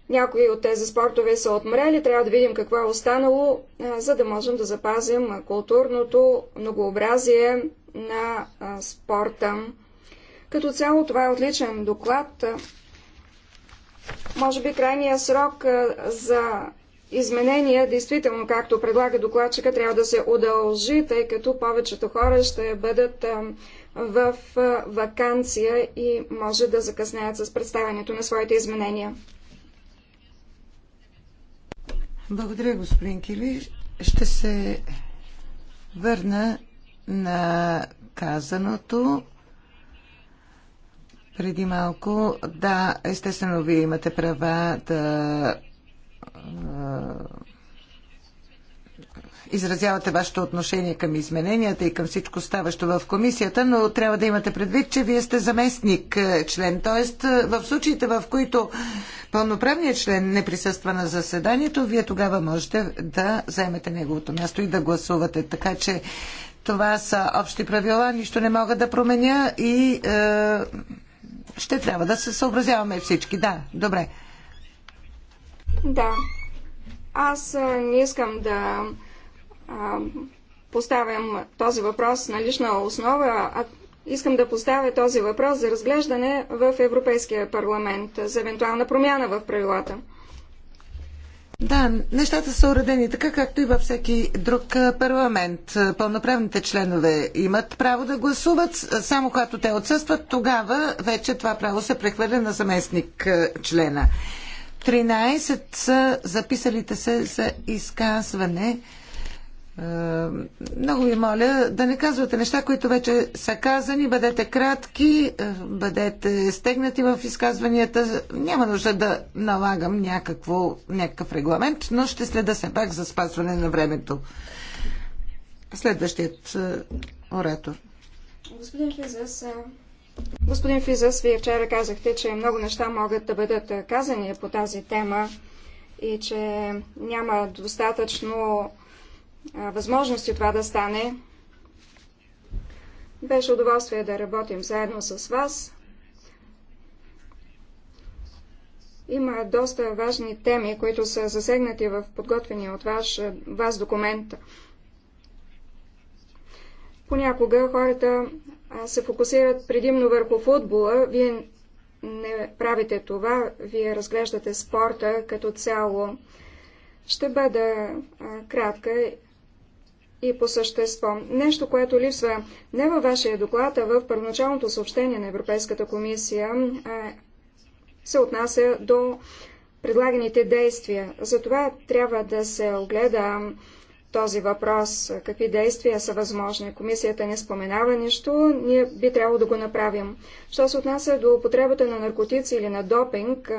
Някои от тези спортове са отмрели, трябва да видим какво е останало, за да можем да запазим културното многообразие на спорта. Като цяло това е отличен доклад. Може би крайният срок за изменения, действително, както предлага докладчика, трябва да се удължи, тъй като повечето хора ще бъдат в вакансия и може да закъсняят с представянето на своите изменения. Благодаря, господин Кили. Ще се върна на казаното преди малко. Да, естествено, вие имате права да изразявате вашето отношение към измененията и към всичко ставащо в комисията, но трябва да имате предвид, че вие сте заместник е, член. Тоест, е, в случаите, в които пълноправният член не присъства на заседанието, вие тогава можете да заемете неговото място и да гласувате. Така че това са общи правила, нищо не мога да променя и е, ще трябва да се съобразяваме всички. Да, добре. Да. Аз е, не искам да поставям този въпрос на лична основа, а искам да поставя този въпрос за разглеждане в Европейския парламент, за евентуална промяна в правилата. Да, нещата са уредени така, както и във всеки друг парламент. Пълноправните членове имат право да гласуват, само когато те отсъстват, тогава вече това право се прехвърля на заместник члена. 13 са записалите се за изказване. Е, много ви моля да не казвате неща, които вече са казани. Бъдете кратки, е, бъдете стегнати в изказванията. Няма нужда да налагам някакво, някакъв регламент, но ще следа се пак за спазване на времето. Следващият е, оратор. Господин Физас, господин Физас, вие вчера казахте, че много неща могат да бъдат казани по тази тема и че няма достатъчно възможности това да стане. Беше удоволствие да работим заедно с вас. Има доста важни теми, които са засегнати в подготвения от ваш, вас документ. Понякога хората се фокусират предимно върху футбола. Вие не правите това, вие разглеждате спорта като цяло. Ще бъда кратка и по същество. Нещо, което липсва не във вашия доклад, а в първоначалното съобщение на Европейската комисия, се отнася до предлаганите действия. Затова трябва да се огледа този въпрос, какви действия са възможни. Комисията не споменава нищо, ние би трябвало да го направим. Що се отнася до употребата на наркотици или на допинг,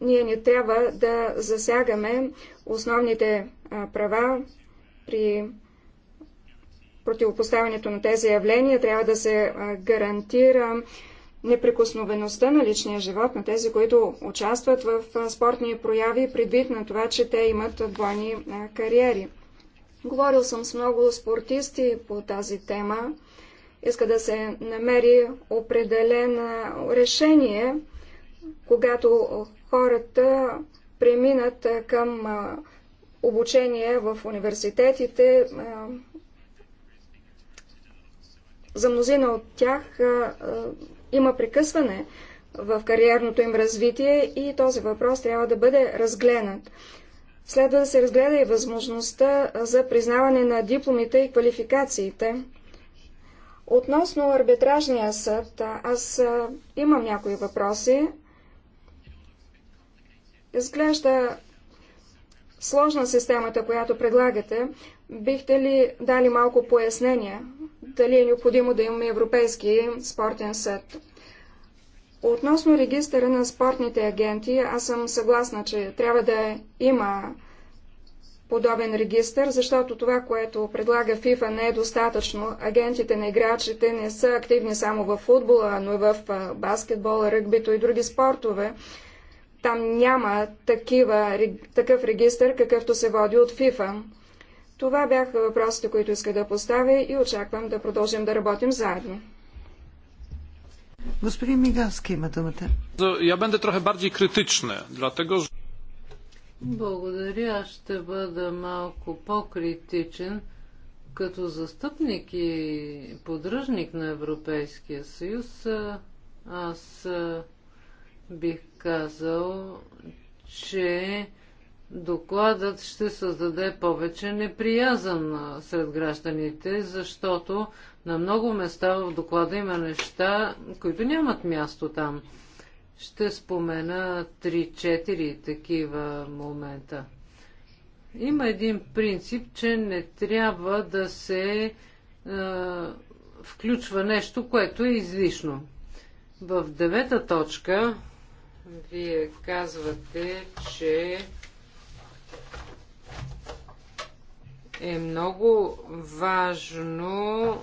ние не трябва да засягаме основните права при противопоставянето на тези явления трябва да се гарантира неприкосновеността на личния живот на тези, които участват в спортни прояви, предвид на това, че те имат двойни кариери. Говорил съм с много спортисти по тази тема. Иска да се намери определено решение, когато хората преминат към обучение в университетите. За мнозина от тях има прекъсване в кариерното им развитие и този въпрос трябва да бъде разгледан. Следва да се разгледа и възможността за признаване на дипломите и квалификациите. Относно арбитражния съд, аз имам някои въпроси. Изглежда сложна системата, която предлагате, бихте ли дали малко пояснение, Дали е необходимо да имаме Европейски спортен съд? Относно регистъра на спортните агенти, аз съм съгласна, че трябва да има подобен регистър, защото това, което предлага FIFA не е достатъчно. Агентите на играчите не са активни само в футбола, но и в баскетбола, ръгбито и други спортове. Там няма такива, такъв регистр, какъвто се води от ФИФА. Това бяха въпросите, които иска да поставя и очаквам да продължим да работим заедно. Господин Мигалски има думата. Я бъде трохе bardziej критична, dlatego Благодаря, ще бъда малко по-критичен. Като застъпник и поддръжник на Европейския съюз, аз бих казал, че докладът ще създаде повече неприязан сред гражданите, защото на много места в доклада има неща, които нямат място там. Ще спомена 3-4 такива момента. Има един принцип, че не трябва да се е, включва нещо, което е излишно. В девета точка вие казвате, че е много важно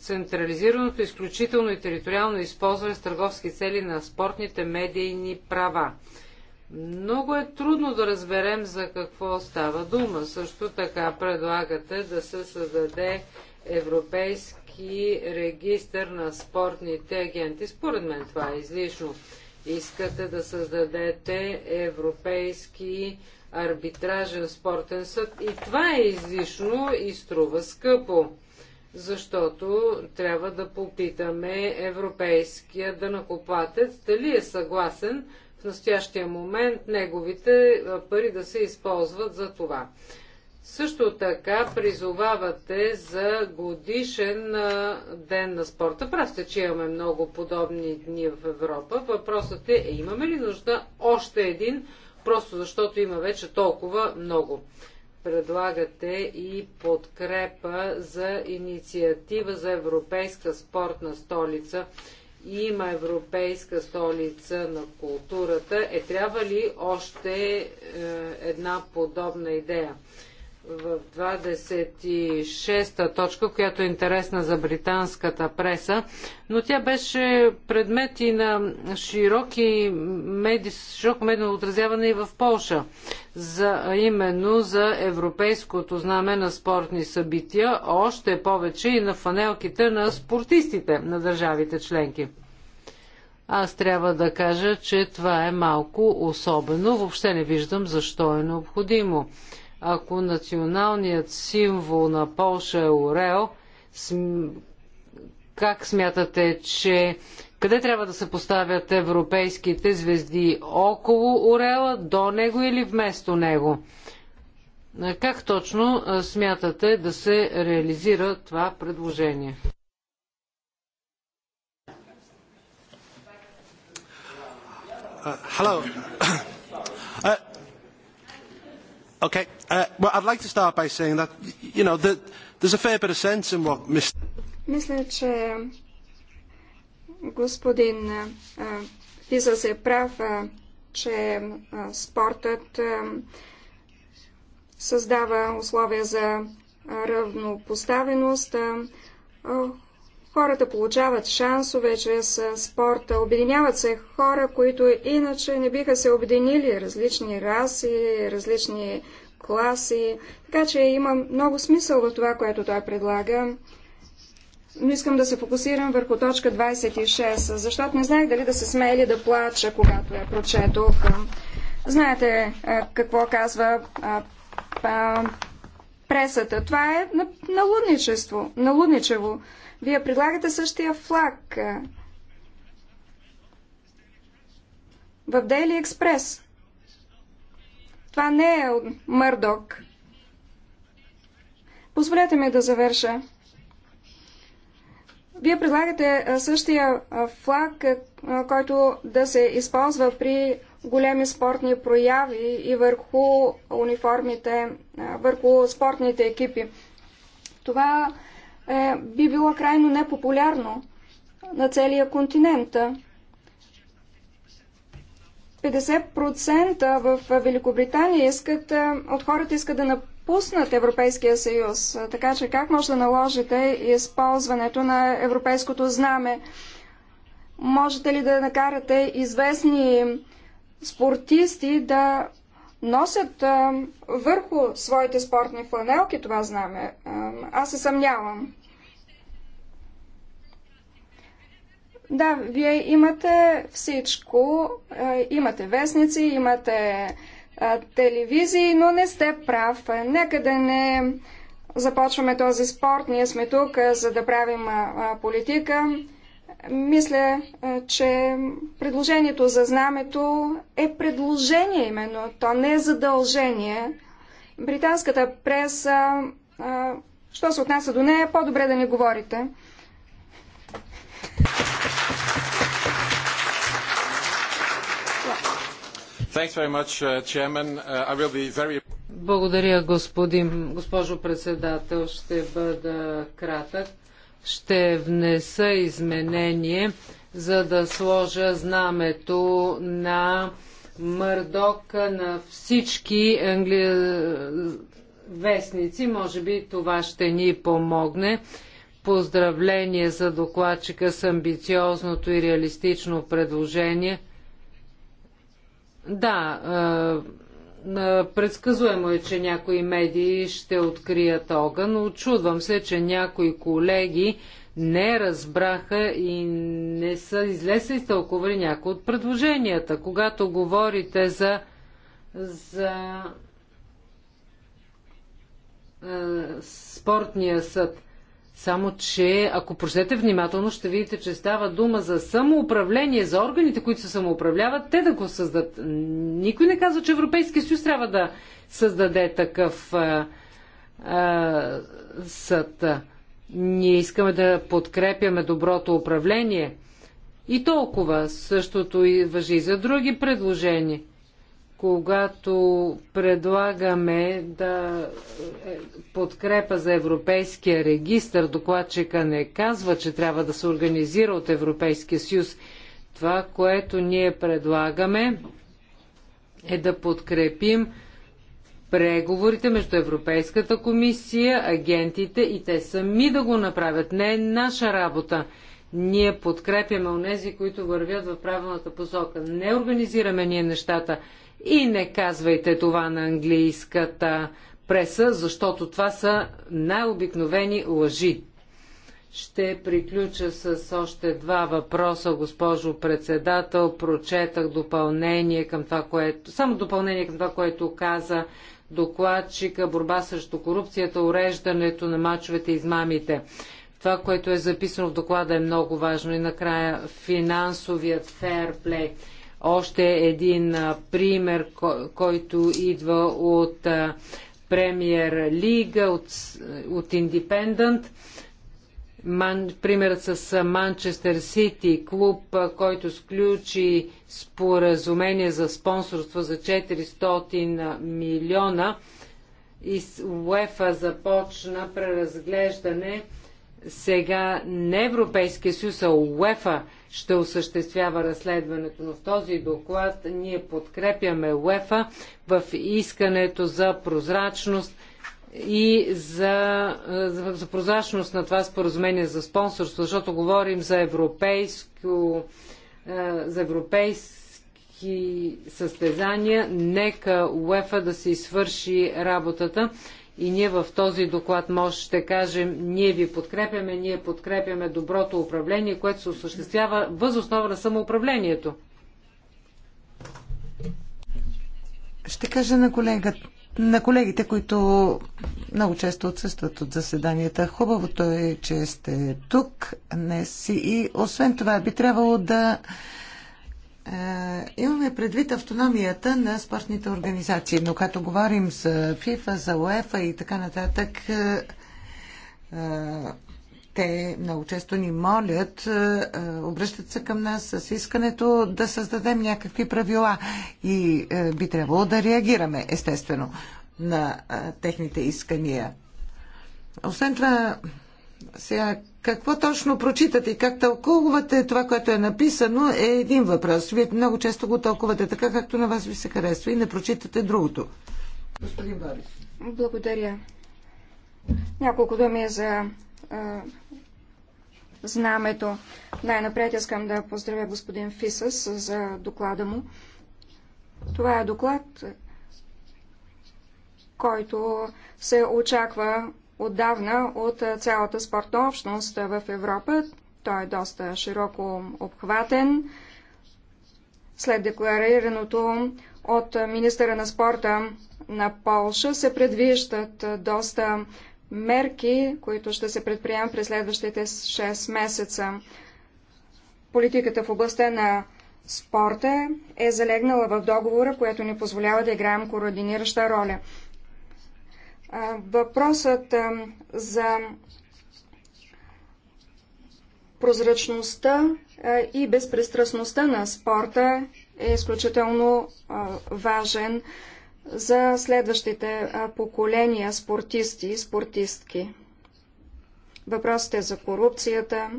централизираното, изключително и териториално използване с търговски цели на спортните медийни права. Много е трудно да разберем за какво става дума. Също така предлагате да се създаде европейски и регистър на спортните агенти. Според мен това е излишно. Искате да създадете европейски арбитражен спортен съд и това е излишно и струва скъпо защото трябва да попитаме европейския дънакоплатец дали е съгласен в настоящия момент неговите пари да се използват за това. Също така призовавате за годишен ден на спорта. Правите, че имаме много подобни дни в Европа. Въпросът е, е, имаме ли нужда още един, просто защото има вече толкова много. Предлагате и подкрепа за инициатива за Европейска спортна столица. Има Европейска столица на културата. Е, трябва ли още е, една подобна идея? в 26-та точка, която е интересна за британската преса, но тя беше предмет и на широки меди, широко медийно отразяване и в Полша, за, именно за европейското знаме на спортни събития, още повече и на фанелките на спортистите на държавите членки. Аз трябва да кажа, че това е малко особено. Въобще не виждам защо е необходимо. Ако националният символ на Полша е Орел, как смятате, че къде трябва да се поставят европейските звезди? Около Орела, до него или вместо него? Как точно смятате да се реализира това предложение? Uh, hello. Uh, okay. Uh, well, I'd like to start by saying that, you know, that there's a fair bit of sense in what Mr. Мисля, че господин uh, Физас е прав, uh, че спортът създава условия за равнопоставеност. Хората получават шансове чрез спорта, обединяват се хора, които иначе не биха се обединили, различни раси, различни класи. Така че има много смисъл в това, което той предлага. Но искам да се фокусирам върху точка 26, защото не знаех дали да се смея или да плача, когато я прочетох. Знаете е, какво казва е, пресата. Това е налудничество, налудничево. Вие предлагате същия флаг. Е, в Дейли Експрес това не е Мърдок. Позволете ми да завърша. Вие предлагате същия флаг, който да се използва при големи спортни прояви и върху униформите, върху спортните екипи. Това е, би било крайно непопулярно на целия континент. 50% в Великобритания искат, е, от хората искат да напуснат Европейския съюз. Така че как може да наложите използването на европейското знаме? Можете ли да накарате известни спортисти да носят е, върху своите спортни фланелки това знаме? Е, аз се съмнявам. Да, вие имате всичко. Е, имате вестници, имате е, телевизии, но не сте прав. Е, Нека да не започваме този спорт. Ние сме тук, за да правим политика. Мисля, че предложението за знамето е предложение именно. То не е задължение. Британската преса, що се отнася до нея, по-добре да не говорите. Uh, uh, Благодаря, господин, госпожо председател. Ще бъда кратък. Ще внеса изменение, за да сложа знамето на Мърдок на всички англи... Е, вестници. Може би това ще ни помогне. Поздравление за докладчика с амбициозното и реалистично предложение – да, предсказуемо е, че някои медии ще открият огън. чудвам се, че някои колеги не разбраха и не са и стълковали някои от предложенията. Когато говорите за, за е, спортния съд, само, че ако прочетете внимателно, ще видите, че става дума за самоуправление, за органите, които се самоуправляват, те да го създадат. Никой не казва, че Европейския съюз трябва да създаде такъв а, а, съд. Ние искаме да подкрепяме доброто управление. И толкова. Същото и въжи и за други предложения когато предлагаме да е, подкрепа за Европейския регистр, докладчика не казва, че трябва да се организира от Европейския съюз. Това, което ние предлагаме е да подкрепим преговорите между Европейската комисия, агентите и те сами да го направят. Не е наша работа. Ние подкрепяме онези, които вървят в правилната посока. Не организираме ние нещата и не казвайте това на английската преса, защото това са най-обикновени лъжи. Ще приключа с още два въпроса, госпожо председател. Прочетах допълнение към това, което... Само допълнение към това, което каза докладчика борба срещу корупцията, уреждането на мачовете и измамите. Това, което е записано в доклада е много важно. И накрая финансовият ферплей. Още един пример, който идва от премьер лига, от, от Индипендент. Ман, примерът с Манчестър Сити, клуб, който сключи споразумение за спонсорство за 400 милиона и УЕФА започна преразглеждане сега не Европейския съюз, а УЕФА ще осъществява разследването. Но в този доклад ние подкрепяме УЕФА в искането за прозрачност и за, за, прозрачност на това споразумение за спонсорство, защото говорим за европейско е, за европейски състезания. Нека УЕФА да се свърши работата и ние в този доклад може ще кажем, ние ви подкрепяме, ние подкрепяме доброто управление, което се осъществява възоснова на самоуправлението. Ще кажа на колега, на колегите, които много често отсъстват от заседанията. Хубавото е, че сте тук днес и освен това би трябвало да е, имаме предвид автономията на спортните организации, но като говорим за FIFA, за UEFA и така нататък, е, е, те много често ни молят, обръщат се към нас с искането да създадем някакви правила и би трябвало да реагираме, естествено, на техните искания. Освен това, сега какво точно прочитате и как тълкувате това, което е написано, е един въпрос. Вие много често го тълкувате така, както на вас ви се харесва и не прочитате другото. Господин Борис. Благодаря. Няколко думи за е, знамето. Най-напред искам да поздравя господин Фисъс за доклада му. Това е доклад, който се очаква отдавна от цялата спортна общност в Европа. Той е доста широко обхватен. След декларираното от министъра на спорта на Полша се предвиждат доста мерки, които ще се предприемат през следващите 6 месеца. Политиката в областта на спорта е залегнала в договора, което ни позволява да играем координираща роля. Въпросът за прозрачността и безпристрастността на спорта е изключително важен за следващите поколения спортисти и спортистки. Въпросите за корупцията,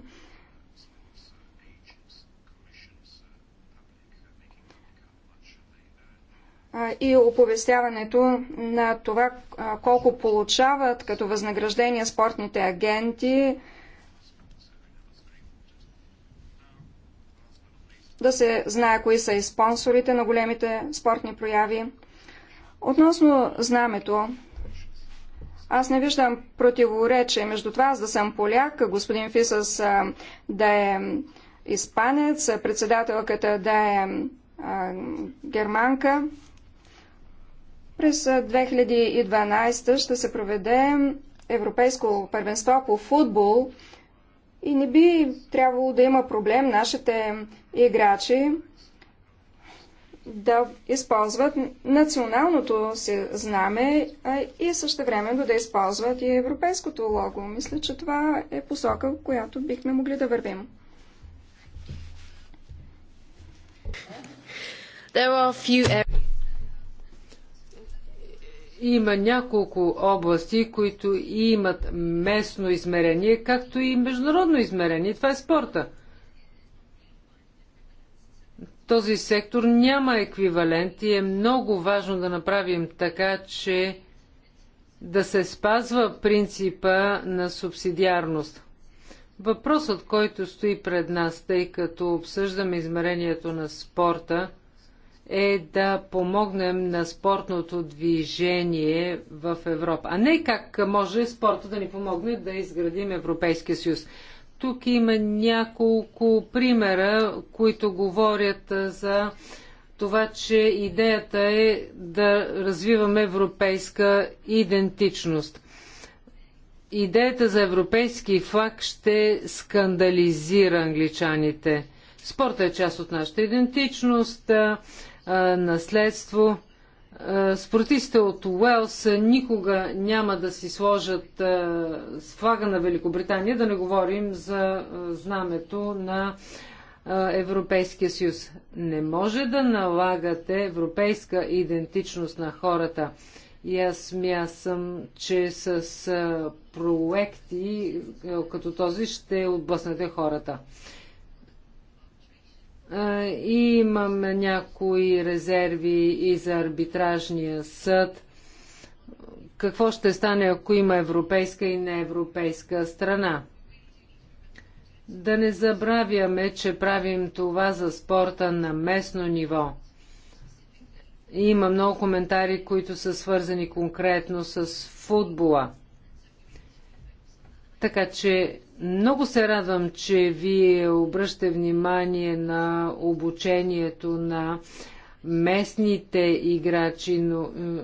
и оповестяването на това колко получават като възнаграждение спортните агенти, да се знае кои са и спонсорите на големите спортни прояви. Относно знамето, аз не виждам противоречие между това аз да съм поляк, господин Фисас да е испанец, председателката да е германка. През 2012 ще се проведе Европейско първенство по футбол и не би трябвало да има проблем нашите играчи да използват националното си знаме и също времено да използват и европейското лого. Мисля, че това е посока, в която бихме могли да вървим. There are few има няколко области, които имат местно измерение, както и международно измерение. Това е спорта. Този сектор няма еквивалент и е много важно да направим така, че да се спазва принципа на субсидиарност. Въпросът, който стои пред нас, тъй като обсъждаме измерението на спорта – е да помогнем на спортното движение в Европа. А не как може спорта да ни помогне да изградим Европейския съюз. Тук има няколко примера, които говорят за това, че идеята е да развиваме европейска идентичност. Идеята за европейски флаг ще скандализира англичаните. Спортът е част от нашата идентичност наследство. Спортистите от Уелс никога няма да си сложат флага на Великобритания, да не говорим за знамето на Европейския съюз. Не може да налагате европейска идентичност на хората. И аз съм, че с проекти като този ще отблъснете хората. И имам някои резерви и за арбитражния съд. Какво ще стане, ако има европейска и неевропейска страна? Да не забравяме, че правим това за спорта на местно ниво. Има много коментари, които са свързани конкретно с футбола. Така че много се радвам, че вие обръщате внимание на обучението на местните играчи, но е,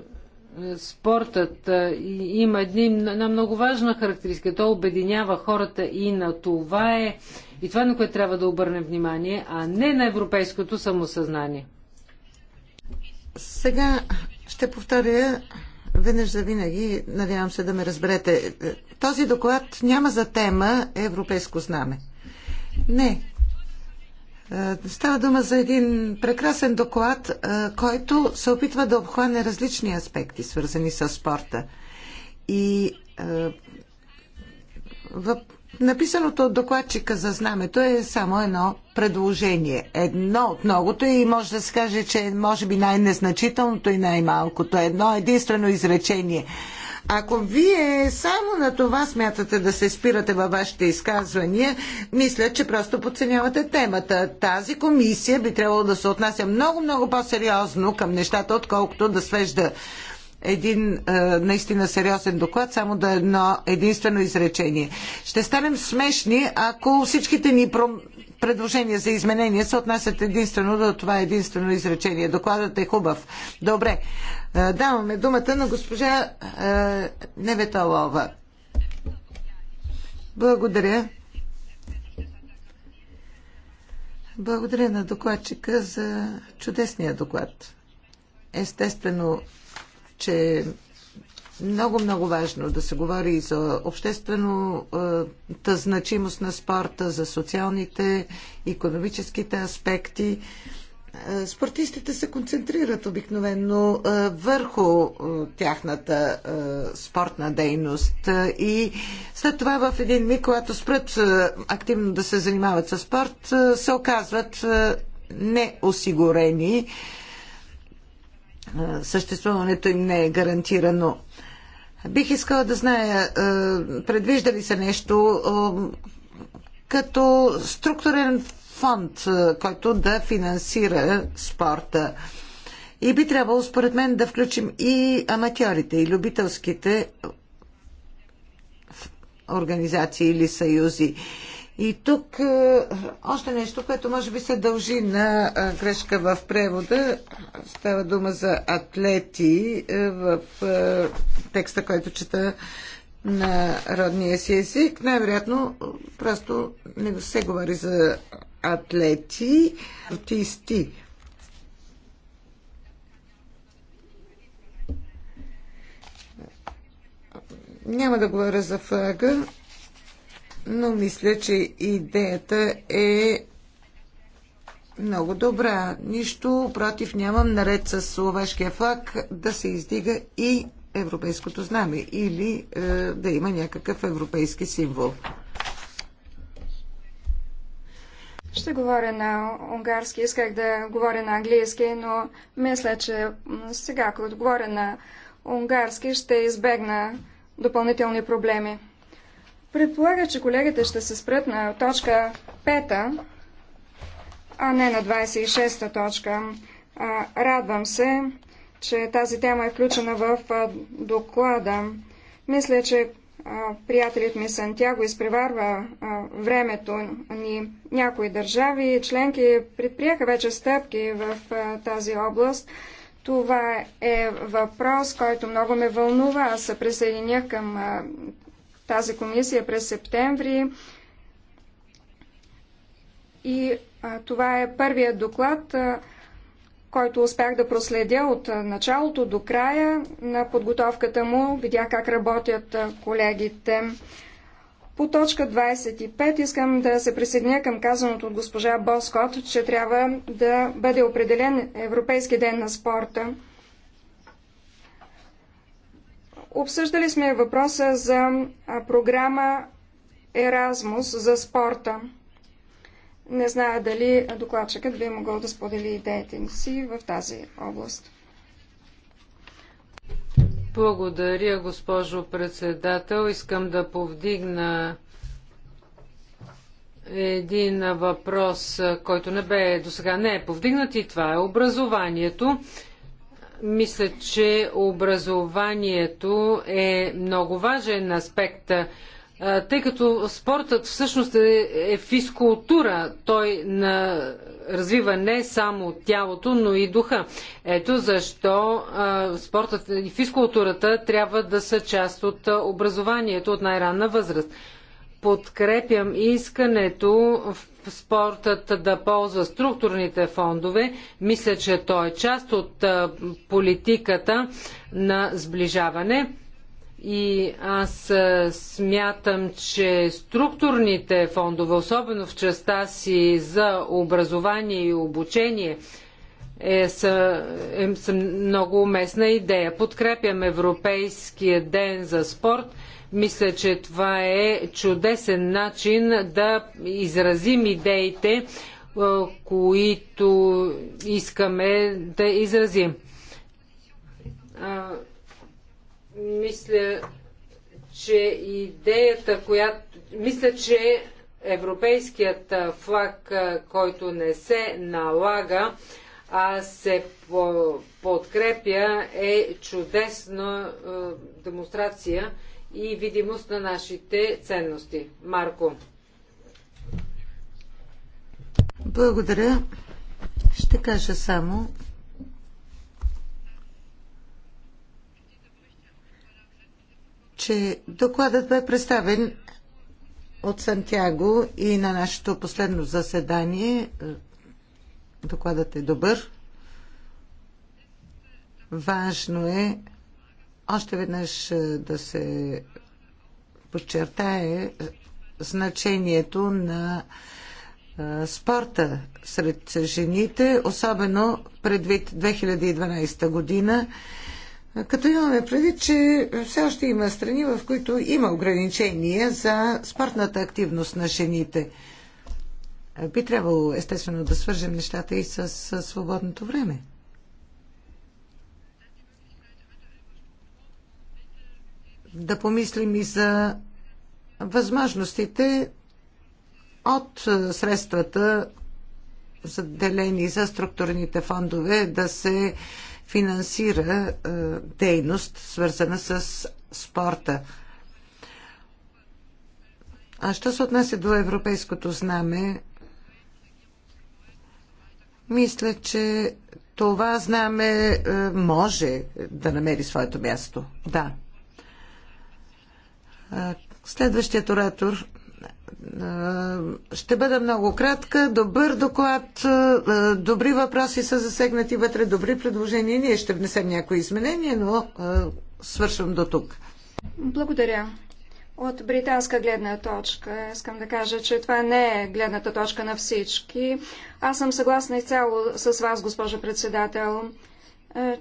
спортът е, има една много важна характеристика. Той обединява хората и на това е и това, на което трябва да обърнем внимание, а не на европейското самосъзнание. Сега ще повторя веднъж за винаги, надявам се да ме разберете, този доклад няма за тема европейско знаме. Не. Е, става дума за един прекрасен доклад, е, който се опитва да обхване различни аспекти, свързани с спорта. И е, Написаното от докладчика за знамето е само едно предложение. Едно от многото и може да се каже, че е може би най-незначителното и най-малкото. Едно единствено изречение. Ако вие само на това смятате да се спирате във вашите изказвания, мисля, че просто подценявате темата. Тази комисия би трябвало да се отнася много-много по-сериозно към нещата, отколкото да свежда един а, е, наистина сериозен доклад, само да е едно единствено изречение. Ще станем смешни, ако всичките ни пром... предложения за изменения се отнасят единствено до това единствено изречение. Докладът е хубав. Добре. А, е, даваме думата на госпожа а, Неветолова. Благодаря. Благодаря на докладчика за чудесния доклад. Естествено, че много-много важно да се говори и за обществената е, значимост на спорта, за социалните, економическите аспекти. Е, спортистите се концентрират обикновено е, върху тяхната спортна дейност и след това в един миг, когато спрат активно да се занимават с спорт, се оказват неосигурени съществуването им не е гарантирано. Бих искала да зная, предвижда ли се нещо като структурен фонд, който да финансира спорта. И би трябвало, според мен, да включим и аматьорите, и любителските организации или съюзи. И тук е, още нещо, което може би се дължи на е, грешка в превода. Става дума за атлети е, в текста, който чета на родния си език. Най-вероятно просто не се говори за атлети, артисти. Няма да говоря за флага но мисля, че идеята е много добра. Нищо против нямам наред с словашкия флаг да се издига и европейското знаме или е, да има някакъв европейски символ. Ще говоря на унгарски, исках да говоря на английски, но мисля, че сега, когато говоря на унгарски, ще избегна допълнителни проблеми. Предполага, че колегите ще се спрат на точка 5, а не на 26-та точка. Радвам се, че тази тема е включена в доклада. Мисля, че приятелят ми Сантяго изпреварва времето ни. Някои държави и членки предприеха вече стъпки в тази област. Това е въпрос, който много ме вълнува. Аз се присъединях към тази комисия през септември. И а, това е първият доклад, а, който успях да проследя от началото до края на подготовката му. Видях как работят а, колегите. По точка 25 искам да се присъединя към казаното от госпожа Боскот, че трябва да бъде определен Европейски ден на спорта. Обсъждали сме въпроса за програма Еразмус за спорта. Не зная дали докладчикът би могъл да сподели идеите си в тази област. Благодаря, госпожо председател. Искам да повдигна един въпрос, който не бе до сега не е повдигнат и това е образованието. Мисля, че образованието е много важен аспект, тъй като спортът всъщност е, е физкултура. Той на... развива не само тялото, но и духа. Ето защо спортът и физкултурата трябва да са част от образованието от най-ранна възраст подкрепям искането в спортът да ползва структурните фондове. Мисля, че то е част от политиката на сближаване. И аз смятам, че структурните фондове, особено в частта си за образование и обучение, е, са, е, са много уместна идея. Подкрепям Европейския ден за спорт – мисля, че това е чудесен начин да изразим идеите, е, които искаме да изразим. А, мисля, че идеята, която. Мисля, че европейският флаг, е, който не се налага, а се подкрепя, е чудесна е, демонстрация и видимост на нашите ценности. Марко. Благодаря. Ще кажа само, че докладът бе представен от Сантяго и на нашето последно заседание. Докладът е добър. Важно е още веднъж е, да се подчертае е, значението на е, спорта сред жените, особено пред 2012 година, като имаме предвид, че все още има страни, в които има ограничения за спортната активност на жените. Би трябвало, естествено, да свържем нещата и с свободното време. да помислим и за възможностите от е, средствата, заделени за структурните фондове, да се финансира е, дейност, свързана с спорта. А що се отнася до европейското знаме, мисля, че това знаме е, може да намери своето място. Да. Следващият оратор ще бъда много кратка. Добър доклад, добри въпроси са засегнати вътре, добри предложения. Ние ще внесем някои изменения, но свършвам до тук. Благодаря. От британска гледна точка искам да кажа, че това не е гледната точка на всички. Аз съм съгласна изцяло с вас, госпожо председател,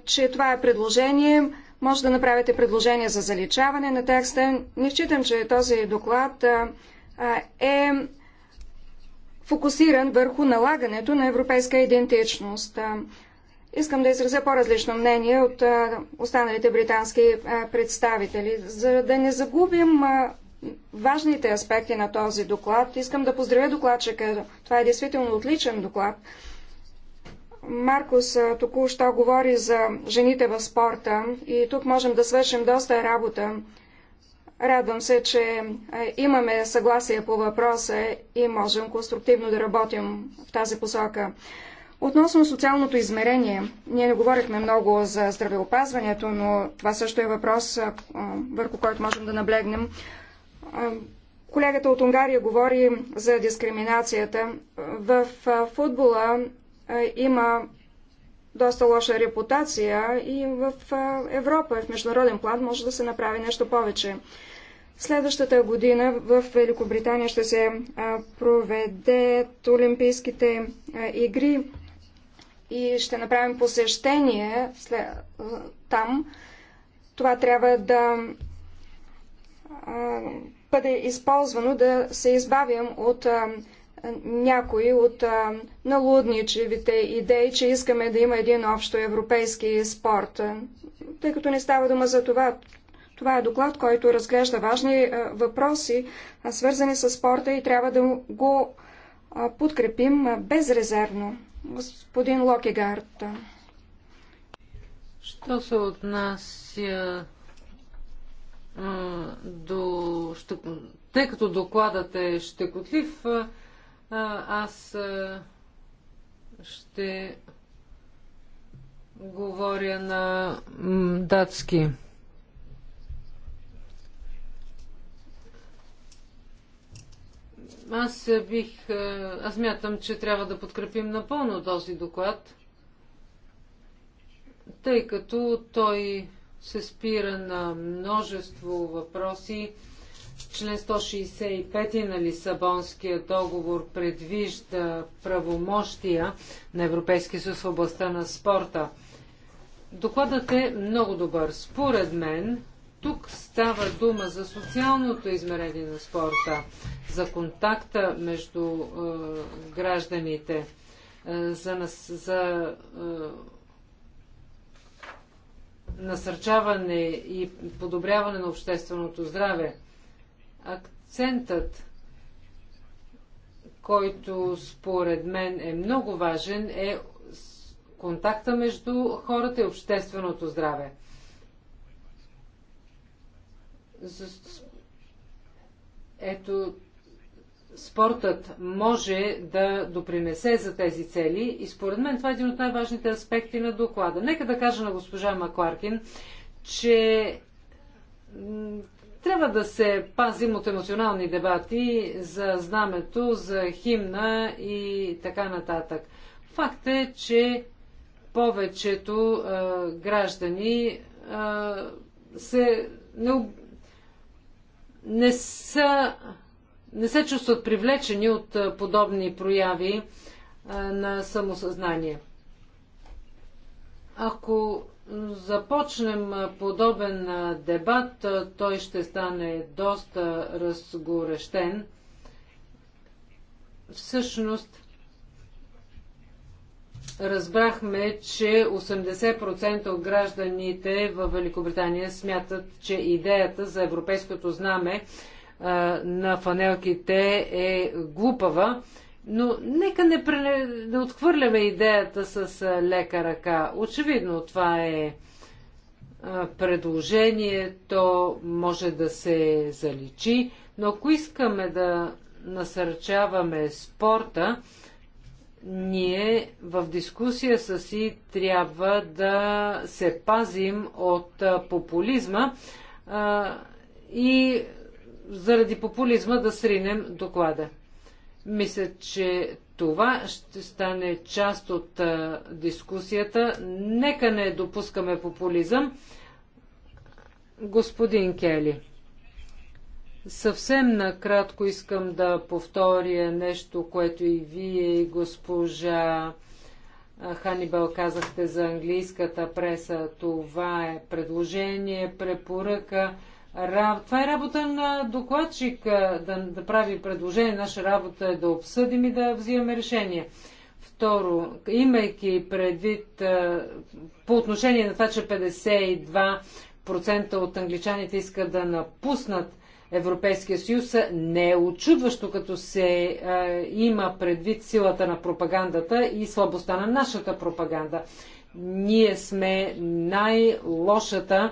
че това е предложение може да направите предложение за заличаване на текста. Не считам, че този доклад е фокусиран върху налагането на европейска идентичност. Искам да изразя по-различно мнение от останалите британски представители. За да не загубим важните аспекти на този доклад, искам да поздравя докладчика. Това е действително отличен доклад. Маркус току-що говори за жените в спорта и тук можем да свършим доста работа. Радвам се, че имаме съгласие по въпроса и можем конструктивно да работим в тази посока. Относно социалното измерение, ние не говорихме много за здравеопазването, но това също е въпрос, върху който можем да наблегнем. Колегата от Унгария говори за дискриминацията. В футбола е, има доста лоша репутация и в е, Европа, в международен план, може да се направи нещо повече. Следващата година в Великобритания ще се е, проведат Олимпийските игри и ще направим посещение там. Това трябва да бъде използвано да се избавим от е, някои от е, налудничевите идеи, че искаме да има един общо европейски спорт. Е, тъй като не става дума за това, това е доклад, който разглежда важни въпроси, свързани с спорта и трябва да го подкрепим безрезервно. Господин Локегард. Що се отнася до... Тъй като докладът е щекотлив, аз ще говоря на датски. Аз бих... Аз мятам, че трябва да подкрепим напълно този доклад, тъй като той се спира на множество въпроси, Член 165 на Лисабонския договор предвижда правомощия на Европейския съюз в областта на спорта. Докладът е много добър. Според мен, тук става дума за социалното измерение на спорта, за контакта между е, гражданите, е, за, нас, за е, насърчаване и подобряване на общественото здраве. Акцентът, който според мен е много важен, е контакта между хората и общественото здраве. Ето, спортът може да допринесе за тези цели и според мен това е един от най-важните аспекти на доклада. Нека да кажа на госпожа Макларкин, че трябва да се пазим от емоционални дебати за знамето, за химна и така нататък. Факт е, че повечето а, граждани а, се не, не, са, не се чувстват привлечени от а, подобни прояви а, на самосъзнание. Ако започнем подобен дебат, той ще стане доста разгорещен. Всъщност, разбрахме, че 80% от гражданите в Великобритания смятат, че идеята за европейското знаме на фанелките е глупава. Но нека не, пренеб... не отхвърляме идеята с лека ръка. Очевидно това е предложение, то може да се заличи, но ако искаме да насърчаваме спорта, ние в дискусия с си трябва да се пазим от популизма а, и заради популизма да сринем доклада. Мисля, че това ще стане част от а, дискусията. Нека не допускаме популизъм. Господин Кели, съвсем накратко искам да повторя нещо, което и вие, и госпожа Ханибал казахте за английската преса. Това е предложение, препоръка това е работа на докладчик да, да прави предложение. Наша работа е да обсъдим и да взимаме решение. Второ, имайки предвид по отношение на това, че 52% от англичаните искат да напуснат Европейския съюз, не е очудващо, като се има предвид силата на пропагандата и слабостта на нашата пропаганда ние сме най-лошата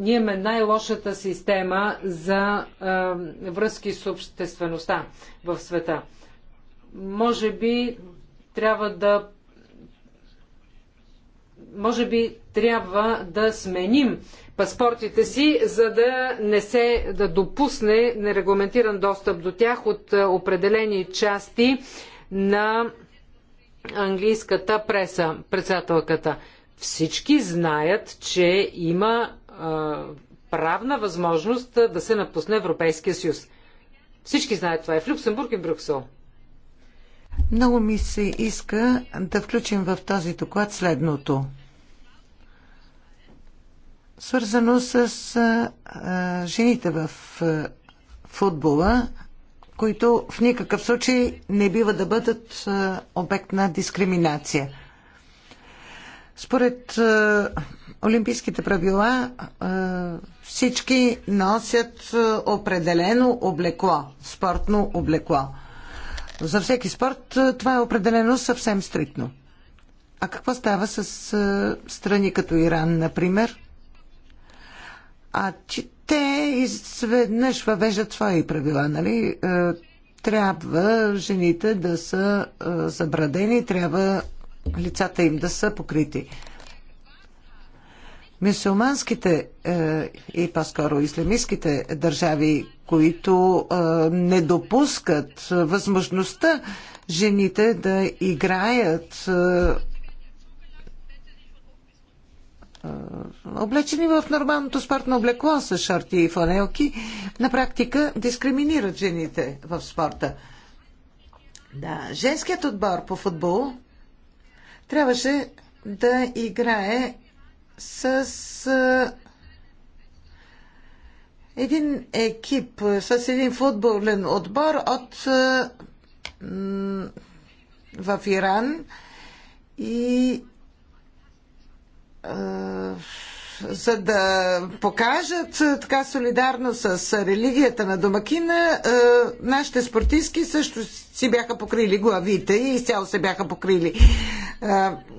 ние имаме най-лошата система за а, връзки с обществеността в света. Може би трябва да може би трябва да сменим паспортите си, за да не се да допусне нерегламентиран достъп до тях от определени части на английската преса, председателката. Всички знаят, че има а, правна възможност да се напусне Европейския съюз. Всички знаят това и е в Люксембург и в Брюксел. Много ми се иска да включим в този доклад следното. Свързано с а, а, жените в а, футбола, които в никакъв случай не бива да бъдат обект на дискриминация. Според олимпийските правила всички носят определено облекло, спортно облекло. За всеки спорт това е определено съвсем стритно. А какво става с страни като Иран, например? А те изведнъж въвеждат свои правила, нали? Е, трябва жените да са е, забрадени, трябва лицата им да са покрити. Мисулманските е, и по-скоро ислямистските държави, които не допускат възможността жените да играят е, облечени в нормалното спортно облекло с шорти и фанелки, на практика дискриминират жените в спорта. Да, женският отбор по футбол трябваше да играе с е, един екип, с един футболен отбор от е, в Иран и е, за да покажат е, така солидарно с религията на домакина, е, нашите спортистки също си бяха покрили главите и изцяло се бяха покрили.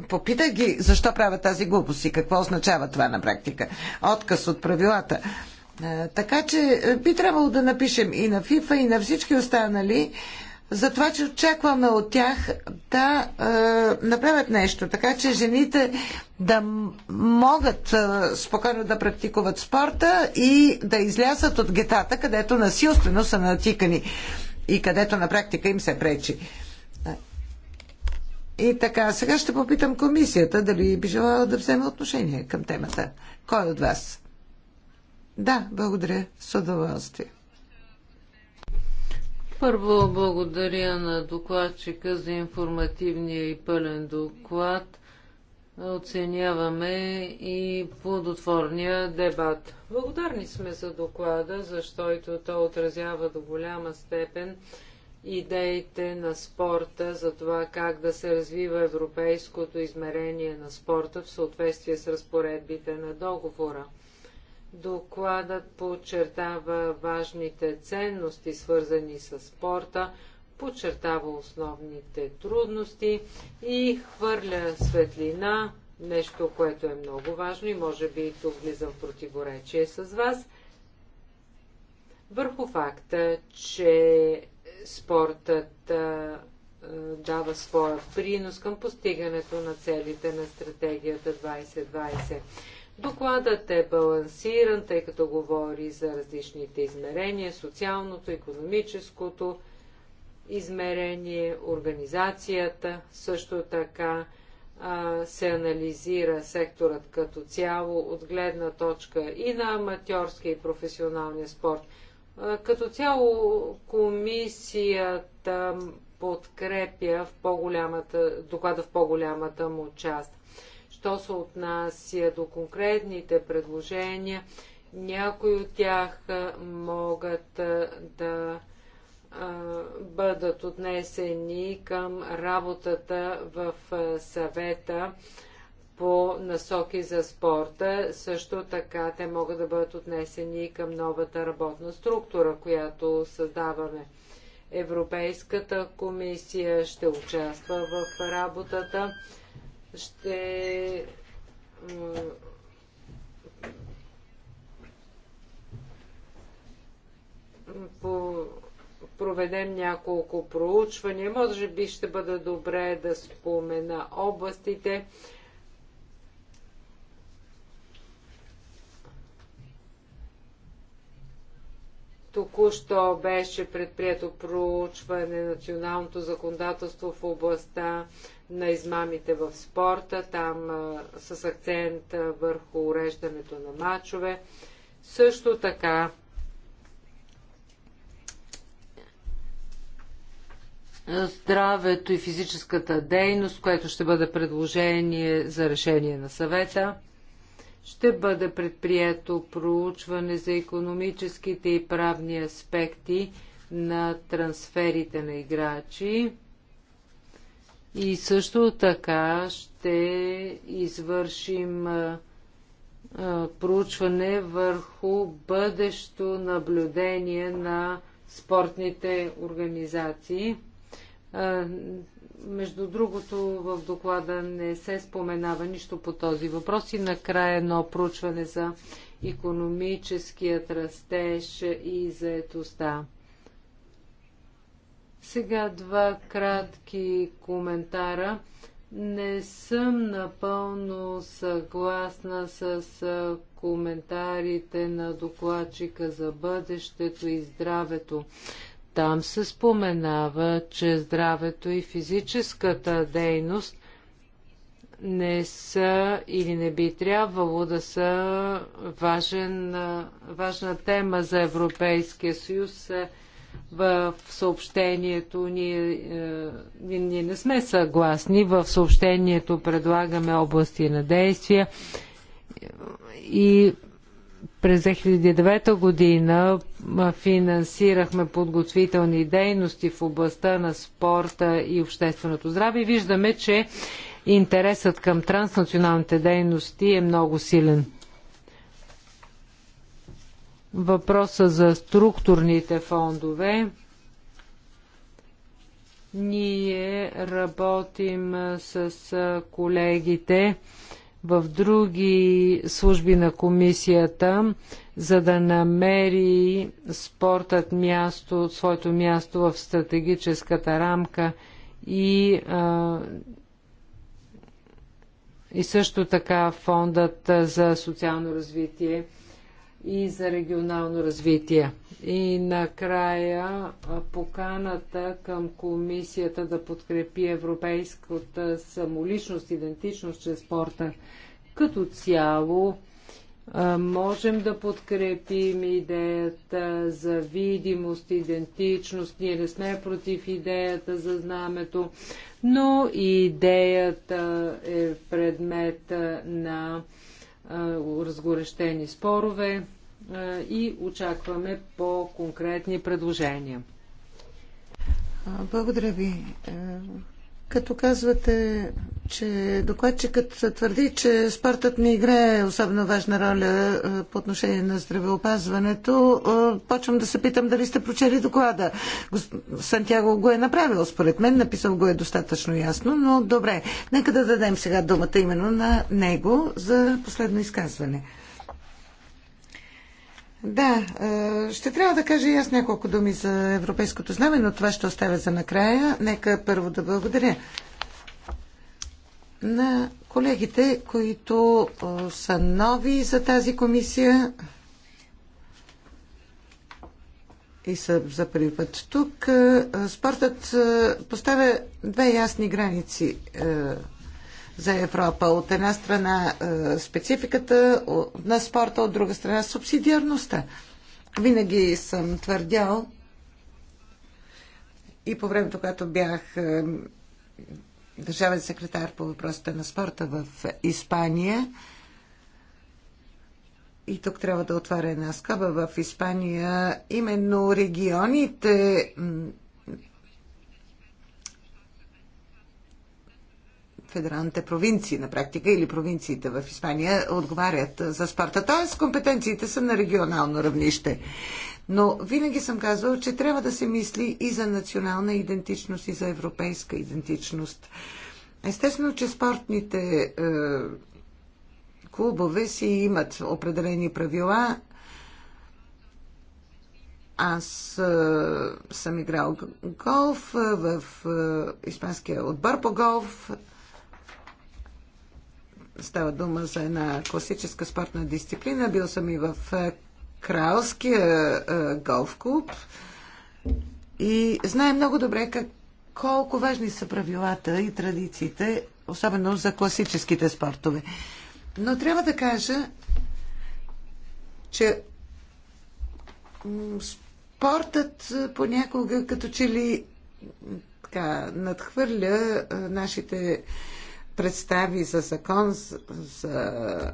Попитах ги защо правят тази глупост и какво означава това на практика. Отказ от правилата. Така че би трябвало да напишем и на ФИФА, и на всички останали, за това, че очакваме от тях да е, направят нещо, така че жените да могат е, спокойно да практикуват спорта и да излязат от гетата, където насилствено са натикани и където на практика им се пречи. И така, сега ще попитам комисията дали би желала да вземе отношение към темата. Кой от вас? Да, благодаря. С удоволствие. Първо благодаря на докладчика за информативния и пълен доклад. Оценяваме и плодотворния дебат. Благодарни сме за доклада, защото то отразява до голяма степен идеите на спорта за това как да се развива европейското измерение на спорта в съответствие с разпоредбите на договора. Докладът подчертава важните ценности, свързани с спорта, подчертава основните трудности и хвърля светлина, нещо, което е много важно и може би и тук влизам в противоречие с вас, върху факта, че спортът дава своя принос към постигането на целите на стратегията 2020. Докладът е балансиран, тъй като говори за различните измерения, социалното, економическото измерение, организацията, също така се анализира секторът като цяло от гледна точка и на аматьорския и професионалния спорт. Като цяло комисията подкрепя в по-голямата, доклада в по-голямата му част. Що се отнася до конкретните предложения, някои от тях могат да бъдат отнесени към работата в съвета по насоки за спорта. Също така те могат да бъдат отнесени към новата работна структура, която създаваме. Европейската комисия ще участва в работата ще по, проведем няколко проучвания. Може би ще бъде добре да спомена областите. Току-що беше предприето проучване националното законодателство в областта на измамите в спорта, там с акцент върху уреждането на мачове. Също така здравето и физическата дейност, което ще бъде предложение за решение на съвета. Ще бъде предприето проучване за економическите и правни аспекти на трансферите на играчи. И също така ще извършим проучване върху бъдещо наблюдение на спортните организации. Между другото, в доклада не се споменава нищо по този въпрос и накрая едно проучване за економическият растеж и заетостта. Сега два кратки коментара. Не съм напълно съгласна с коментарите на докладчика за бъдещето и здравето. Там се споменава, че здравето и физическата дейност не са или не би трябвало да са важен, важна тема за Европейския съюз. В съобщението ние, ние, ние не сме съгласни. В съобщението предлагаме области на действия и през 2009 година финансирахме подготвителни дейности в областта на спорта и общественото здраве и виждаме, че интересът към транснационалните дейности е много силен въпроса за структурните фондове. Ние работим с колегите в други служби на комисията, за да намери спортът място, своето място в стратегическата рамка и, а, и също така фондът за социално развитие и за регионално развитие. И накрая поканата към комисията да подкрепи европейската самоличност, идентичност чрез спорта. Като цяло можем да подкрепим идеята за видимост, идентичност. Ние не сме против идеята за знамето, но идеята е предмет на разгорещени спорове и очакваме по-конкретни предложения. Благодаря ви. Е, като казвате, че докладчикът твърди, че спортът не играе особено важна роля е, по отношение на здравеопазването, е, почвам да се питам дали сте прочели доклада. Сантьяго го е направил, според мен, написал го е достатъчно ясно, но добре. Нека да дадем сега думата именно на него за последно изказване. Да, е, ще трябва да кажа и аз няколко думи за европейското знаме, но това ще оставя за накрая. Нека първо да благодаря на колегите, които е, са нови за тази комисия и са за първи път тук. Е, спортът поставя две ясни граници за Европа. От една страна е, спецификата на спорта, от друга страна субсидиарността. Винаги съм твърдял и по времето, когато бях е, държавен секретар по въпросите на спорта в Испания, и тук трябва да отваря една скоба в Испания, именно регионите федералните провинции на практика или провинциите в Испания отговарят за спорта. Т.е. компетенциите са на регионално равнище. Но винаги съм казвал, че трябва да се мисли и за национална идентичност, и за европейска идентичност. Естествено, че спортните е, клубове си имат определени правила. Аз е, съм играл голф в е, испанския отбор по голф. Става дума за една класическа спортна дисциплина. Бил съм и в е, Кралския е, голф клуб и знае много добре как, колко важни са правилата и традициите, особено за класическите спортове. Но трябва да кажа, че спортът е, понякога като че ли така, надхвърля нашите представи за закон за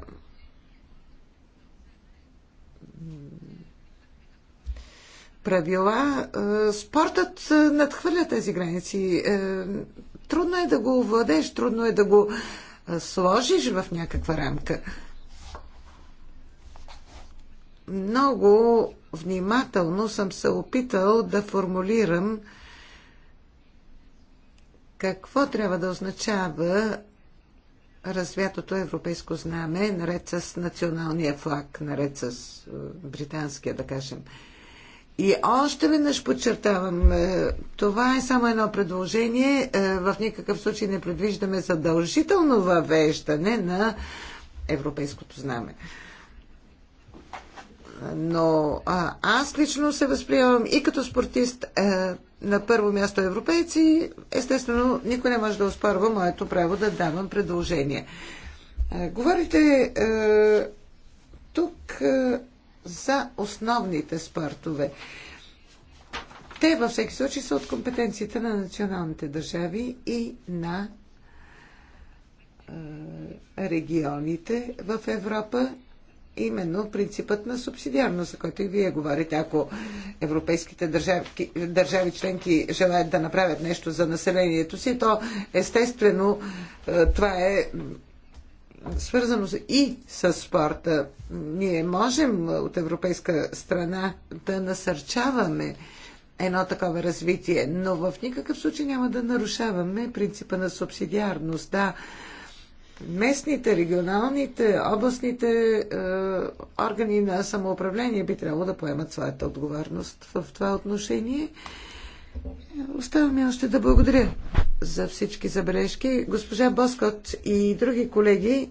правила, е, спортът е, надхвърля тези граници. Е, трудно е да го владеш, трудно е да го сложиш в някаква рамка. Много внимателно съм се опитал да формулирам какво трябва да означава развятото европейско знаме, наред с националния флаг, наред с е, британския, да кажем. И още веднъж подчертавам, е, това е само едно предложение. Е, в никакъв случай не предвиждаме задължително въвеждане на европейското знаме. Но аз лично се възприемам и като спортист, на първо място европейци, естествено никой не може да оспорва моето право да давам предложение. Е, говорите е, тук е, за основните спортове. Те във всеки случай са от компетенциите на националните държави и на е, регионите в Европа именно принципът на субсидиарност, за който и вие говорите. Ако европейските държави, държави членки желаят да направят нещо за населението си, то естествено е, това е свързано и с спорта. Ние можем от европейска страна да насърчаваме едно такова развитие, но в никакъв случай няма да нарушаваме принципа на субсидиарност. Да, местните, регионалните, областните е, органи на самоуправление би трябвало да поемат своята отговорност в това отношение. Оставаме още да благодаря за всички забележки. Госпожа Боскот и други колеги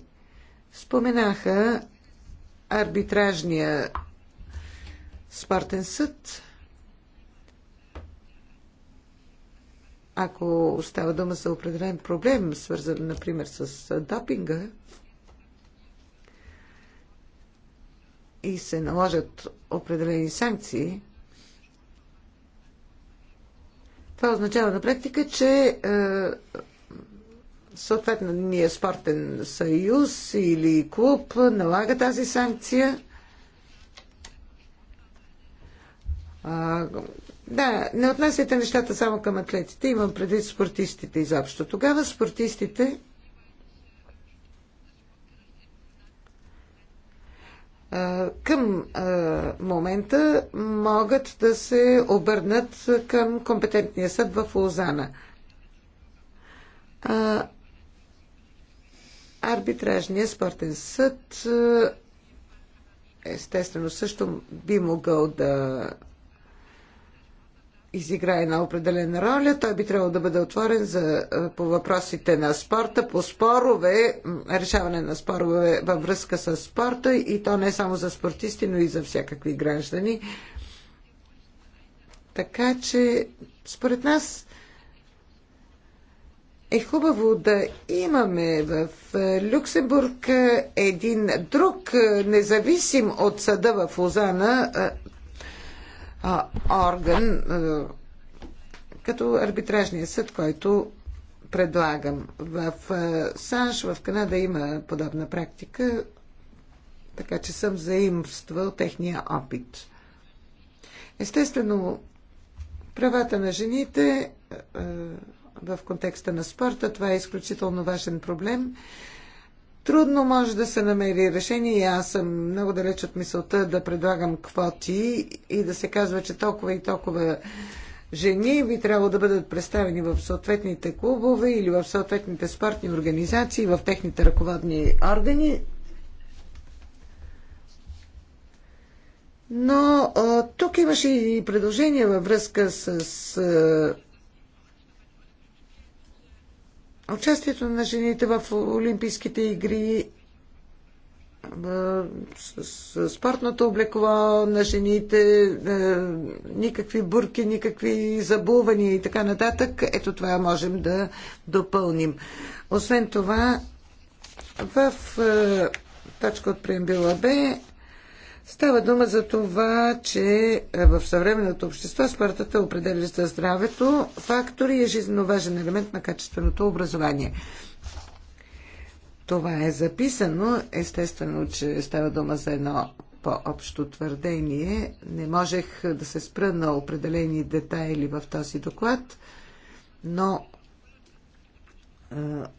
споменаха арбитражния спортен съд. Ако става дума за определен проблем, свързан, например, с допинга, и се наложат определени санкции, това означава на практика, че е, ние спортен съюз или клуб налага тази санкция. Да, не отнасяйте нещата само към атлетите, имам предвид спортистите изобщо. Тогава спортистите към момента могат да се обърнат към компетентния съд в Лозана. Арбитражния спортен съд естествено също би могъл да изиграе една определена роля. Той би трябвало да бъде отворен за, е, по въпросите на спорта, по спорове, решаване на спорове във връзка с спорта и то не само за спортисти, но и за всякакви граждани. Така че, според нас, е хубаво да имаме в е, Люксембург е, един друг, независим от съда в Лозана, а, орган, а, като арбитражния съд, който предлагам. В а, САНШ, в Канада има подобна практика, така че съм заимствал техния опит. Естествено, правата на жените а, в контекста на спорта, това е изключително важен проблем. А, Трудно може да се намери решение и аз съм много далеч от мисълта да предлагам квоти и да се казва, че толкова и толкова жени би трябвало да бъдат представени в съответните клубове или в съответните спортни организации, в техните ръководни органи. Но а, тук имаше и предложения във връзка с а, Участието на жените в Олимпийските игри, спортното облекло на жените, никакви бурки, никакви забувания и така нататък, ето това можем да допълним. Освен това, в точка от преембила Б Става дума за това, че е, в съвременното общество спортът е определя за здравето фактор и е жизненно важен елемент на качественото образование. Това е записано. Естествено, че става дума за едно по-общо твърдение. Не можех да се спра на определени детайли в този доклад, но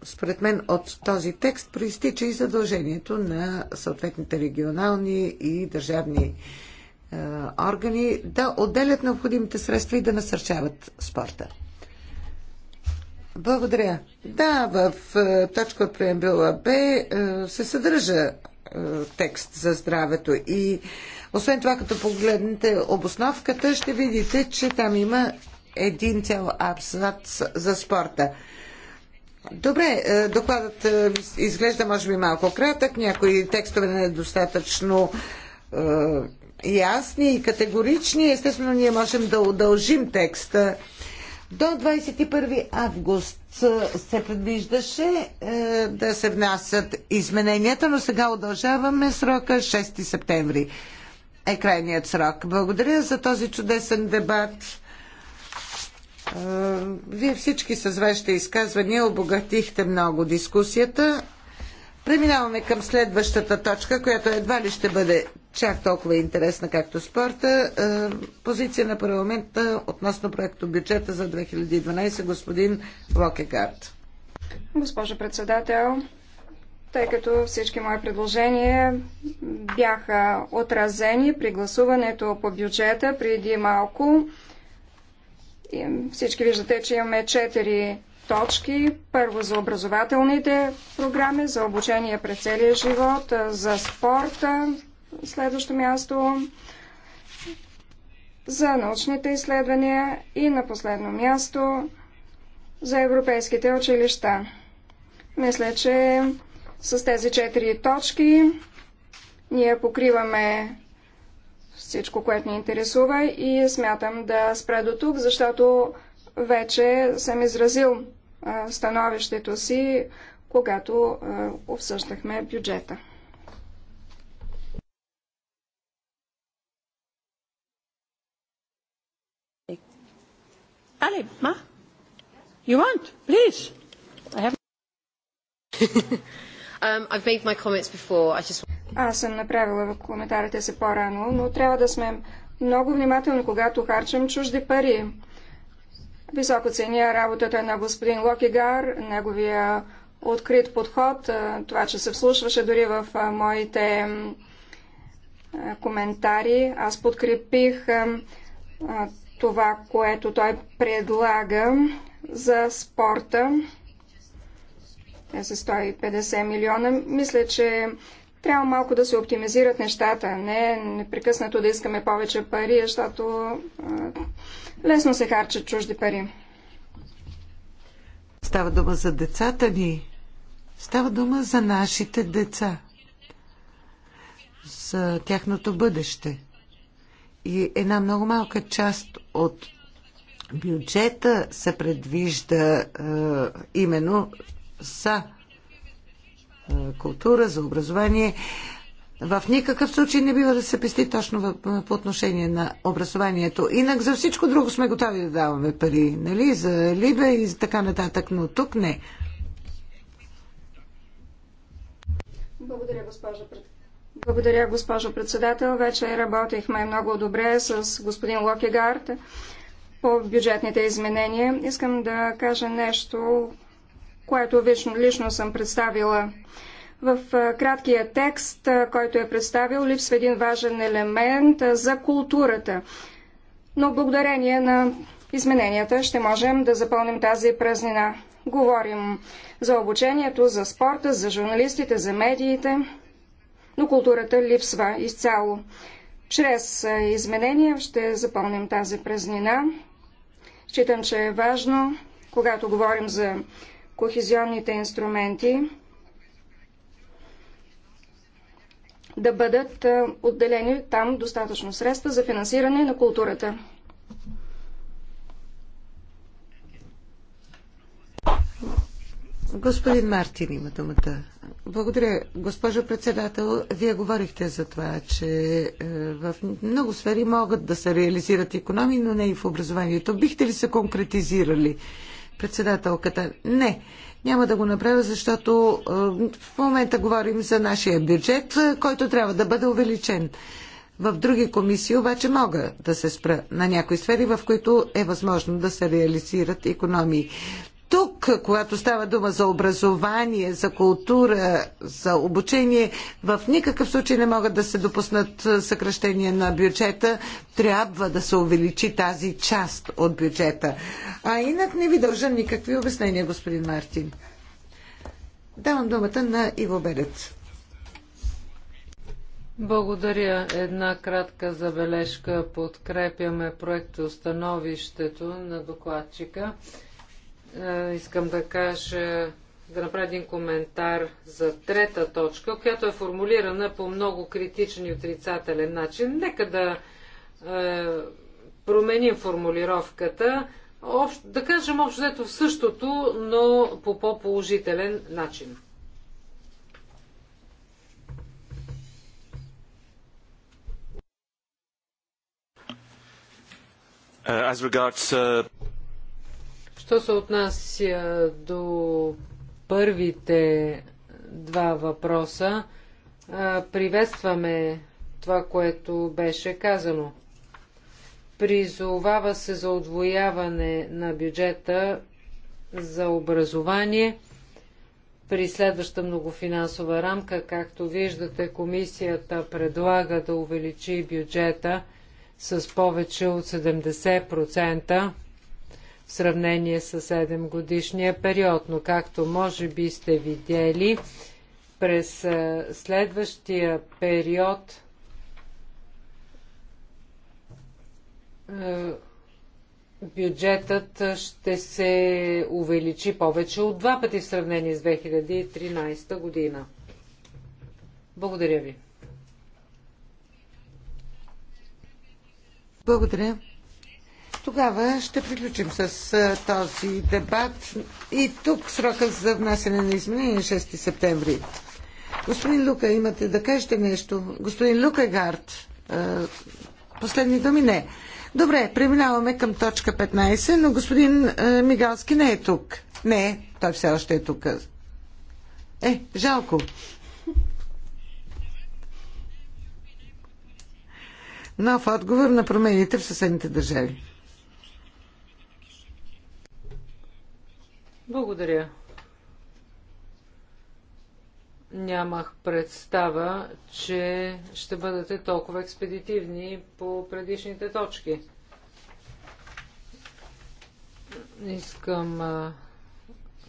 според мен от този текст проистича и задължението на съответните регионални и държавни органи да отделят необходимите средства и да насърчават спорта. Благодаря. Да, в точка от преембила Б се съдържа текст за здравето и освен това, като погледнете обосновката, ще видите, че там има един цял абзац за спорта. Добре, е, докладът е, изглежда може би малко кратък, някои текстове не е достатъчно е, ясни и категорични. Естествено, ние можем да удължим текста. До 21 август е, се предвиждаше е, да се внасят измененията, но сега удължаваме срока 6 септември. Е крайният срок. Благодаря за този чудесен дебат. Е, вие всички с вашите изказвания обогатихте много дискусията. Преминаваме към следващата точка, която едва ли ще бъде чак толкова интересна, както спорта. Е, позиция на парламента относно проекто бюджета за 2012, господин Локегард. Госпожо председател, тъй като всички мои предложения бяха отразени при гласуването по бюджета преди малко, всички виждате, че имаме четири точки. Първо за образователните програми, за обучение през целия живот, за спорта, следващо място, за научните изследвания и на последно място за европейските училища. Мисля, че с тези четири точки ние покриваме всичко, което ни интересува и смятам да спра до тук, защото вече съм изразил становището си, когато обсъждахме бюджета. Али, ма? You want? Please. I have... um, I've made my comments before. I just... Аз съм направила в коментарите си по-рано, но трябва да сме много внимателни, когато харчим чужди пари. Високо ценя работата на господин Локигар, неговия открит подход, това, че се вслушваше дори в моите коментари. Аз подкрепих това, което той предлага за спорта. Тези 150 милиона. Мисля, че трябва малко да се оптимизират нещата. Не непрекъснато да искаме повече пари, защото лесно се харчат чужди пари. Става дума за децата ни. Става дума за нашите деца. За тяхното бъдеще. И една много малка част от бюджета се предвижда а, именно за е, култура, за образование. В никакъв случай не бива да се пести точно е, по отношение на образованието. Инак за всичко друго сме готови да даваме пари, нали? За Либе и така нататък, но тук не. Благодаря, госпожа председател. Благодаря, госпожо председател. Вече работихме много добре с господин Локегард по бюджетните изменения. Искам да кажа нещо което лично, лично съм представила. В краткия текст, който е представил, липсва един важен елемент за културата. Но благодарение на измененията ще можем да запълним тази празнина. Говорим за обучението, за спорта, за журналистите, за медиите, но културата липсва изцяло. Чрез изменения ще запълним тази празнина. Считам, че е важно, когато говорим за кохезионните инструменти да бъдат отделени там достатъчно средства за финансиране на културата. Господин Мартин има думата. Благодаря. Госпожо председател, вие говорихте за това, че е, в много сфери могат да се реализират економии, но не и в образованието. Бихте ли се конкретизирали? Председателката, не, няма да го направя, защото в момента говорим за нашия бюджет, който трябва да бъде увеличен. В други комисии обаче мога да се спра на някои сфери, в които е възможно да се реализират економии тук, когато става дума за образование, за култура, за обучение, в никакъв случай не могат да се допуснат съкръщения на бюджета. Трябва да се увеличи тази част от бюджета. А инак не ви дължа никакви обяснения, господин Мартин. Давам думата на Иво Белец. Благодаря. Една кратка забележка. Подкрепяме проекта становището на докладчика. Е, искам да кажа, да направя един коментар за трета точка, която е формулирана по много критичен и отрицателен начин. Нека да е, променим формулировката, общ, да кажем общо взето в същото, но по по-положителен начин. Е, as regards uh Що се отнася до първите два въпроса, приветстваме това, което беше казано. Призовава се за отвояване на бюджета за образование при следваща многофинансова рамка. Както виждате, комисията предлага да увеличи бюджета с повече от 70% в сравнение с 7 годишния период. Но както може би сте видели, през следващия период бюджетът ще се увеличи повече от два пъти в сравнение с 2013 година. Благодаря ви. Благодаря. Тогава ще приключим с този дебат. И тук срока за внасяне на изменение 6 септември. Господин Лука, имате да кажете нещо? Господин Лука Гард, последни думи не. Добре, преминаваме към точка 15, но господин Мигалски не е тук. Не, той все още е тук. Е, жалко. Нов отговор на промените в съседните държави. Благодаря. Нямах представа, че ще бъдете толкова експедитивни по предишните точки. Искам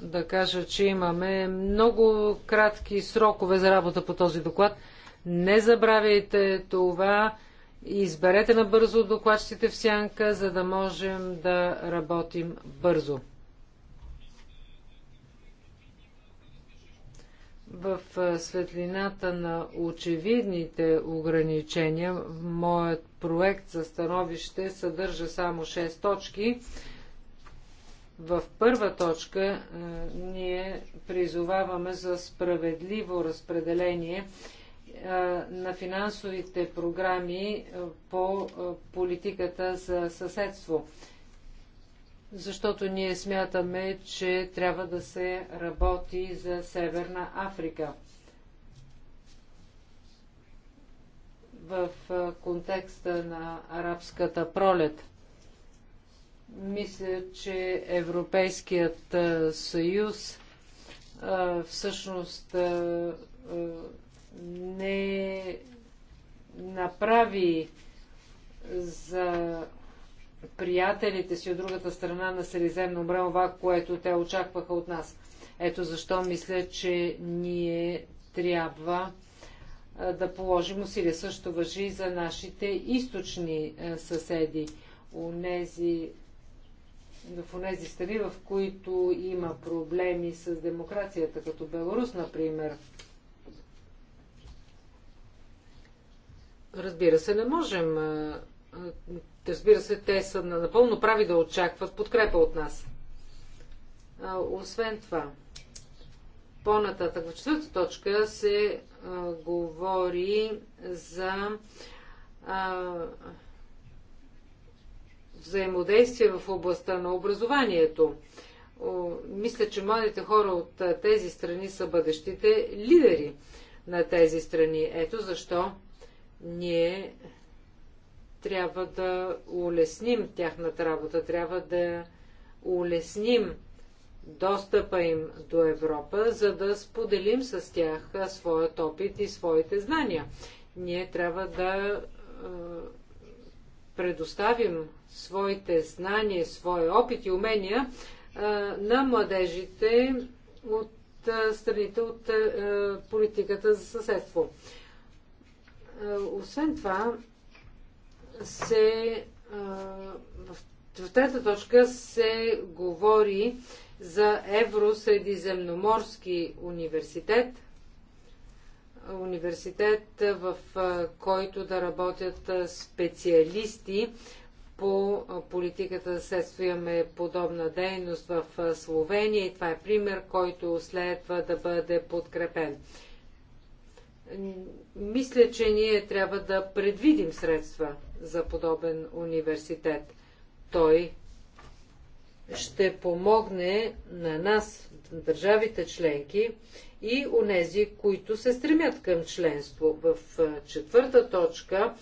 да кажа, че имаме много кратки срокове за работа по този доклад. Не забравяйте това и изберете набързо докладчите в сянка, за да можем да работим бързо. В светлината на очевидните ограничения, моят проект за становище съдържа само 6 точки. В първа точка ние призоваваме за справедливо разпределение на финансовите програми по политиката за съседство защото ние смятаме, че трябва да се работи за Северна Африка. В контекста на арабската пролет. Мисля, че Европейският съюз всъщност не направи за приятелите си от другата страна на Средиземно море, това, което те очакваха от нас. Ето защо мисля, че ние трябва да положим усилия. Също въжи за нашите източни съседи. Унези, в тези страни, в които има проблеми с демокрацията, като Беларус, например. Разбира се, не можем разбира се, те са напълно прави да очакват подкрепа от нас. А, освен това, по-нататък в четвърта точка се а, говори за а, взаимодействие в областта на образованието. мисля, че младите хора от а, тези страни са бъдещите лидери на тези страни. Ето защо ние трябва да улесним тяхната работа, трябва да улесним достъпа им до Европа, за да споделим с тях своят опит и своите знания. Ние трябва да е, предоставим своите знания, своя опит и умения е, на младежите от е, страните от политиката за съседство. Освен това, се в, трета точка се говори за Евросредиземноморски университет, университет, в който да работят специалисти по политиката за следство. подобна дейност в Словения и това е пример, който следва да бъде подкрепен. Мисля, че ние трябва да предвидим средства за подобен университет. Той ще помогне на нас, държавите членки и у нези, които се стремят към членство. В четвърта точка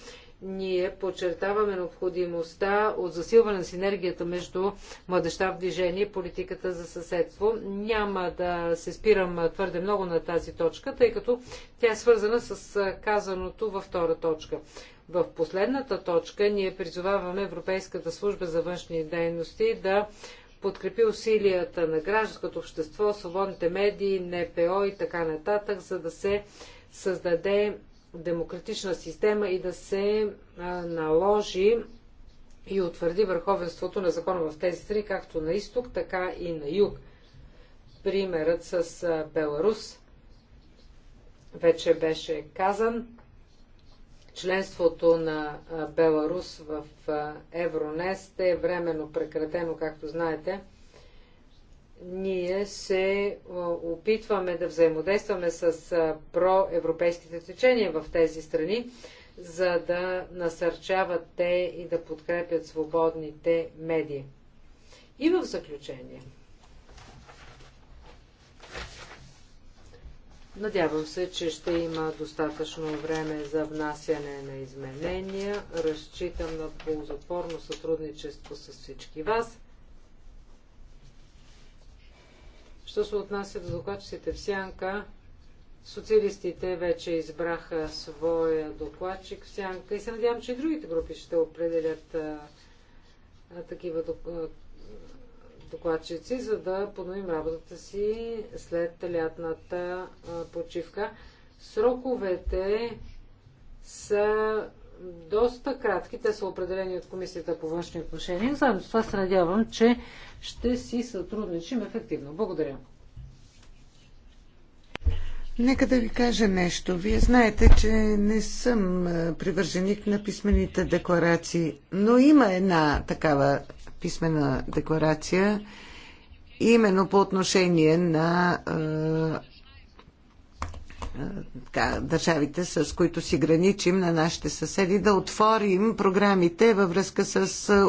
ние подчертаваме необходимостта от засилване на синергията между младеща в движение и политиката за съседство. Няма да се спирам твърде много на тази точка, тъй като тя е свързана с казаното във втора точка. В последната точка ние призоваваме Европейската служба за външни дейности да подкрепи усилията на гражданското общество, свободните медии, НПО и така нататък, за да се създаде демократична система и да се наложи и утвърди върховенството на закона в тези страни, както на изток, така и на юг. Примерът с Беларус вече беше казан. Членството на Беларус в Евронест е временно прекратено, както знаете. Ние се опитваме да взаимодействаме с проевропейските течения в тези страни, за да насърчават те и да подкрепят свободните медии. И в заключение – Надявам се, че ще има достатъчно време за внасяне на изменения. Разчитам на ползотворно сътрудничество с всички вас. Що се отнася до докладчиците в Сянка, социалистите вече избраха своя докладчик в Сянка и се надявам, че и другите групи ще определят а, а, такива докладчици, за да подновим работата си след лятната почивка. Сроковете са доста кратки. Те са определени от Комисията по външни отношения. Заедно с това се надявам, че ще си сътрудничим ефективно. Благодаря. Нека да ви кажа нещо. Вие знаете, че не съм привърженик на писмените декларации, но има една такава писмена декларация именно по отношение на така, държавите, с които си граничим на нашите съседи, да отворим програмите във връзка с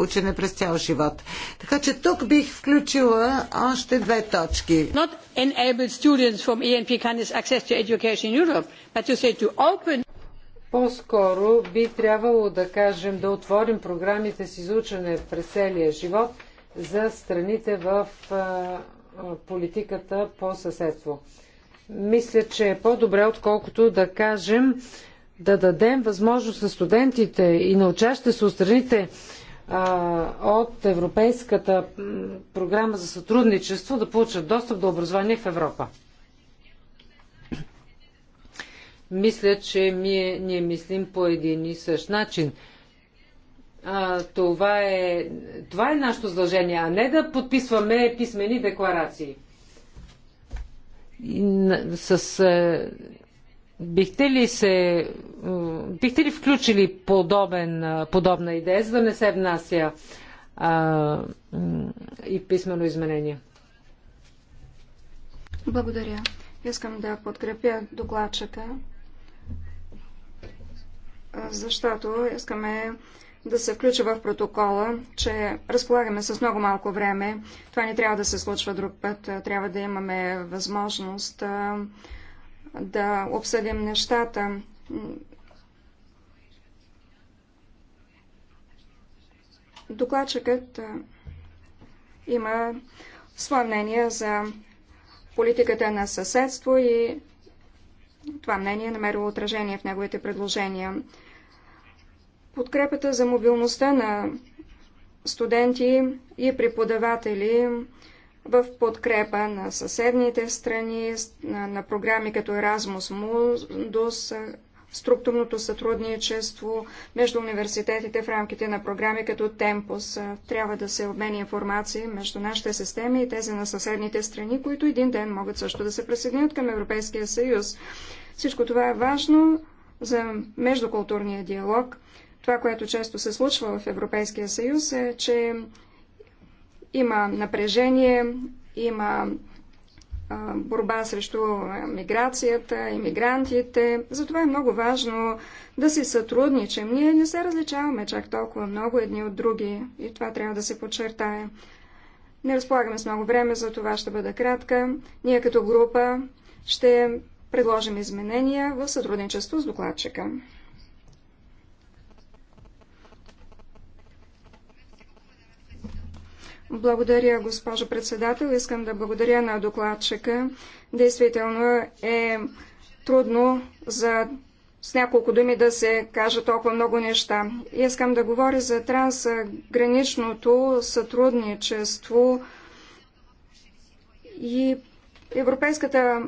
учене през цял живот. Така че тук бих включила още две точки. Not enable students from ENP access to education in Europe, but to say to open по-скоро би трябвало да кажем да отворим програмите си за учене през целия живот за страните в политиката по съседство. Мисля, че е по-добре, отколкото да кажем да дадем възможност на студентите и на учащите се от страните от Европейската програма за сътрудничество да получат достъп до образование в Европа мисля, че ние, ние мислим по един и същ начин. А, това, е, това е нашето задължение, а не да подписваме писмени декларации. И, с, е, бихте ли се. Е, бихте ли включили подобен, е, подобна идея, за да не се внася а, е, и писмено изменение? Благодаря. Искам да подкрепя докладчика защото искаме да се включи в протокола, че разполагаме с много малко време. Това не трябва да се случва друг път. Трябва да имаме възможност да обсъдим нещата. Докладчикът има свое мнение за политиката на съседство и това мнение е намерило отражение в неговите предложения. Подкрепата за мобилността на студенти и преподаватели в подкрепа на съседните страни, на, на програми като Erasmus Mundus, структурното сътрудничество между университетите в рамките на програми като Темпус. Трябва да се обмени информация между нашите системи и тези на съседните страни, които един ден могат също да се присъединят към Европейския съюз. Всичко това е важно за междукултурния диалог. Това, което често се случва в Европейския съюз е, че има напрежение, има борба срещу миграцията, иммигрантите. Затова е много важно да си сътрудничим. Ние не се различаваме чак толкова много едни от други и това трябва да се подчертае. Не разполагаме с много време, за това ще бъда кратка. Ние като група ще предложим изменения в сътрудничество с докладчика. Благодаря, госпожо председател. Искам да благодаря на докладчика. Действително е трудно за с няколко думи да се кажат толкова много неща. Искам да говоря за трансграничното сътрудничество и европейската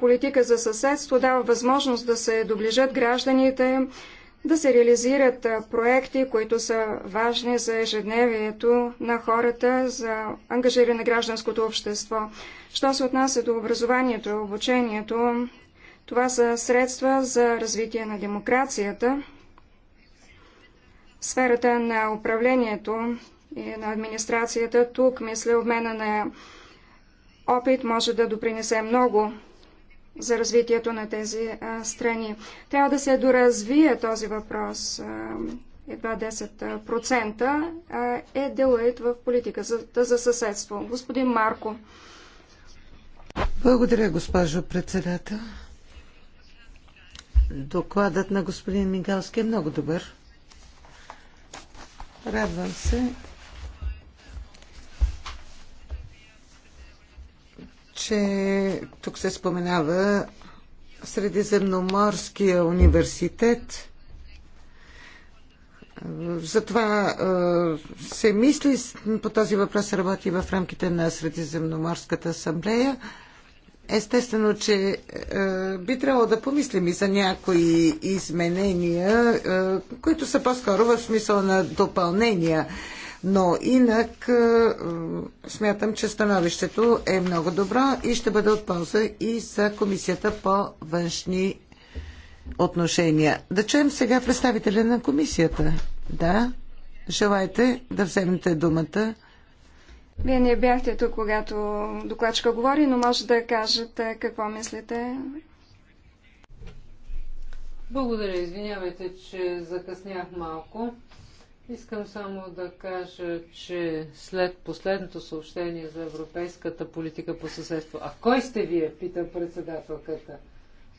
политика за съседство дава възможност да се доближат гражданите, да се реализират проекти, които са важни за ежедневието на хората, за ангажиране на гражданското общество. Що се отнася до образованието, и обучението, това са средства за развитие на демокрацията, сферата на управлението и на администрацията. Тук, мисля, обмена на опит може да допринесе много за развитието на тези а, страни. Трябва да се доразвие този въпрос. едва 10% е делът в политиката за съседство. Господин Марко. Благодаря, госпожо председател. Докладът на господин Мигалски е много добър. Радвам се, че тук се споменава Средиземноморския университет. Затова се мисли, по този въпрос работи в рамките на Средиземноморската асамблея. Естествено, че е, би трябвало да помислим и за някои изменения, е, които са по-скоро в смисъл на допълнения. Но инак е, е, смятам, че становището е много добро и ще бъде от полза и за Комисията по външни отношения. Да чуем сега представителя на Комисията. Да, желаете да вземете думата. Вие не бяхте тук, когато докладчика говори, но може да кажете какво мислите. Благодаря, извинявайте, че закъснях малко. Искам само да кажа, че след последното съобщение за европейската политика по съседство, а кой сте вие, пита председателката,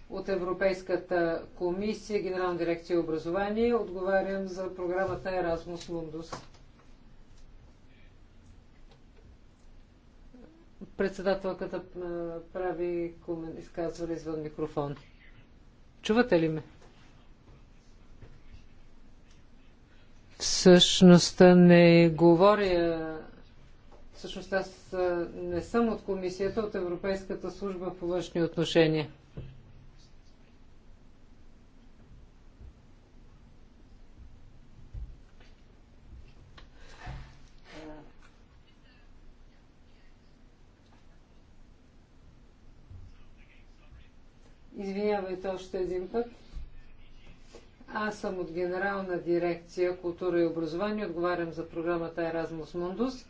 от Европейската комисия, Генерална дирекция образование, отговарям за програмата Erasmus Mundus. Председателката прави изказване извън микрофон. Чувате ли ме? Всъщност не говоря. Всъщност аз не съм от комисията, от Европейската служба по външни отношения. Извинявайте още един път. Аз съм от Генерална дирекция култура и образование, отговарям за програмата Erasmus Mundus.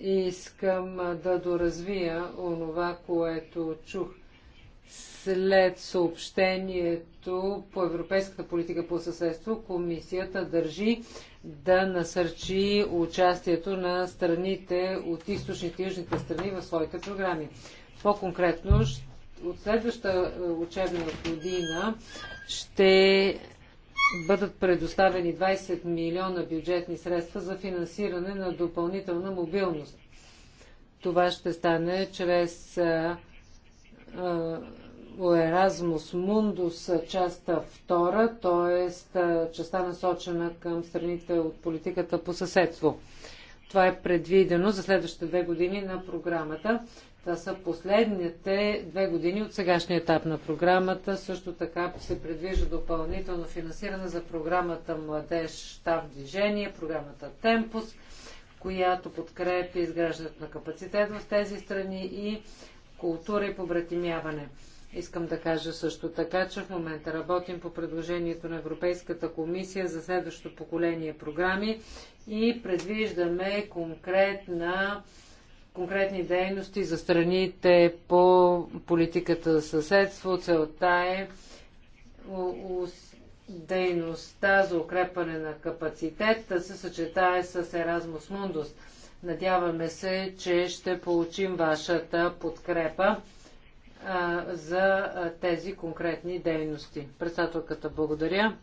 Искам да доразвия онова, което чух след съобщението по европейската политика по съседство, комисията държи да насърчи участието на страните от източните и южните страни в своите програми. По-конкретно ще от следваща е, учебна година ще бъдат предоставени 20 милиона бюджетни средства за финансиране на допълнителна мобилност. Това ще стане чрез е, е, Еразмус Мундус, част 2, т.е. частта насочена към страните от политиката по съседство. Това е предвидено за следващите две години на програмата. Това са последните две години от сегашния етап на програмата. Също така се предвижда допълнително финансиране за програмата Младеж Штаб движение, програмата Темпус, която подкрепи изграждането на капацитет в тези страни и култура и побратимяване. Искам да кажа също така, че в момента работим по предложението на Европейската комисия за следващото поколение програми и предвиждаме конкретна конкретни дейности за страните по политиката за съседство. Целта е дейността за укрепване на капацитет да се съчетае с Еразмус Мундус. Надяваме се, че ще получим вашата подкрепа а, за тези конкретни дейности. Председателката, благодаря.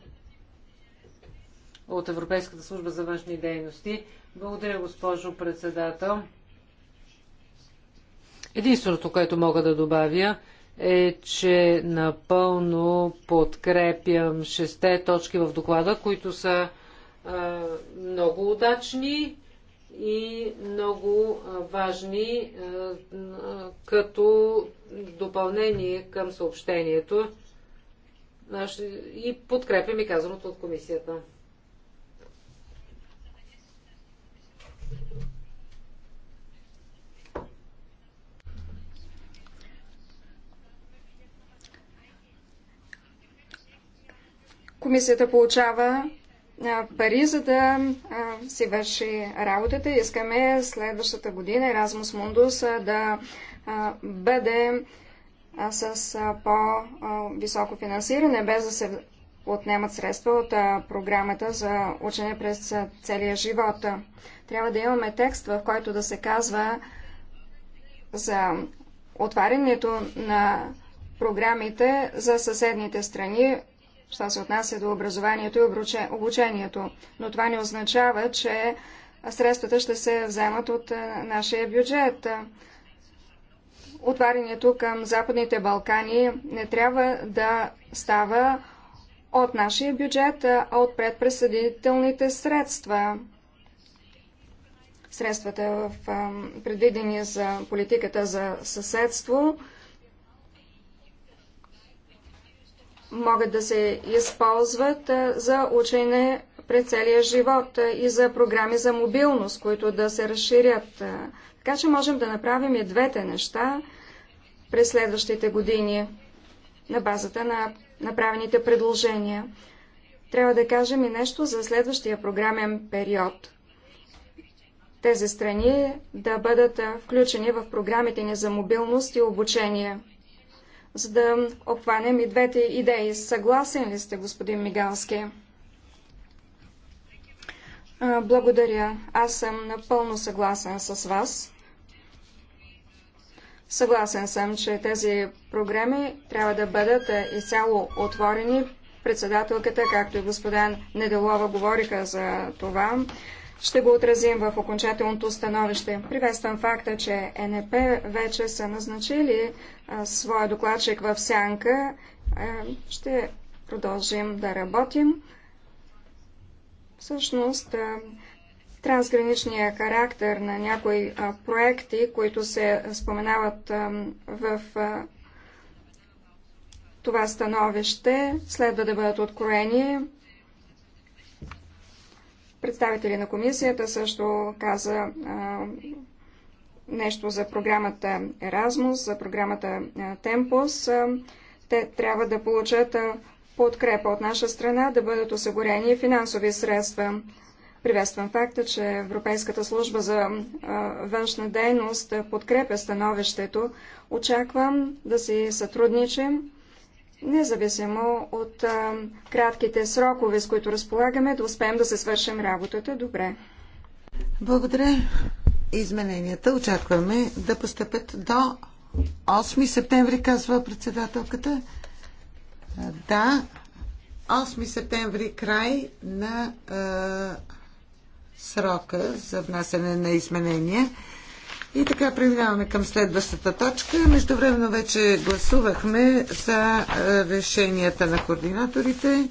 От Европейската служба за външни дейности. Благодаря, госпожо председател. Единственото, което мога да добавя, е, че напълно подкрепям шесте точки в доклада, които са а, много удачни и много важни а, като допълнение към съобщението и подкрепям и казаното от комисията. Комисията получава пари, за да си върши работата. Искаме следващата година Erasmus Mundus да бъде с по-високо финансиране, без да се отнемат средства от програмата за учене през целия живот. Трябва да имаме текст, в който да се казва за отварянето на програмите за съседните страни що се отнася до образованието и обучението. Но това не означава, че средствата ще се вземат от е, нашия бюджет. Отварянето към Западните Балкани не трябва да става от нашия бюджет, а от предпредседителните средства. Средствата в предвидени за политиката за съседство – могат да се използват за учене през целия живот и за програми за мобилност, които да се разширят. Така че можем да направим и двете неща през следващите години на базата на направените предложения. Трябва да кажем и нещо за следващия програмен период. Тези страни да бъдат включени в програмите ни за мобилност и обучение – за да обхванем и двете идеи. Съгласен ли сте, господин Мигалски? Благодаря. Аз съм напълно съгласен с вас. Съгласен съм, че тези програми трябва да бъдат изцяло отворени. Председателката, както и господин Неделова, говориха за това ще го отразим в окончателното становище. Приветствам факта, че НП вече са назначили а, своя докладчик в сянка. А, ще продължим да работим. Всъщност, а, трансграничния характер на някои а, проекти, които се споменават в а, това становище, следва да бъдат откроени Представители на комисията също каза нещо за програмата Еразмус, за програмата Темпос. Те трябва да получат подкрепа от наша страна, да бъдат осигурени финансови средства. Приветствам факта, че Европейската служба за външна дейност подкрепя становището. Очаквам да си сътрудничим независимо от а, кратките срокове, с които разполагаме, да успеем да се свършим работата добре. Благодаря. Измененията очакваме да постъпят до 8 септември, казва председателката. Да, 8 септември край на а, срока за внасяне на изменения. И така преминаваме към следващата точка. Междувременно вече гласувахме за решенията на координаторите.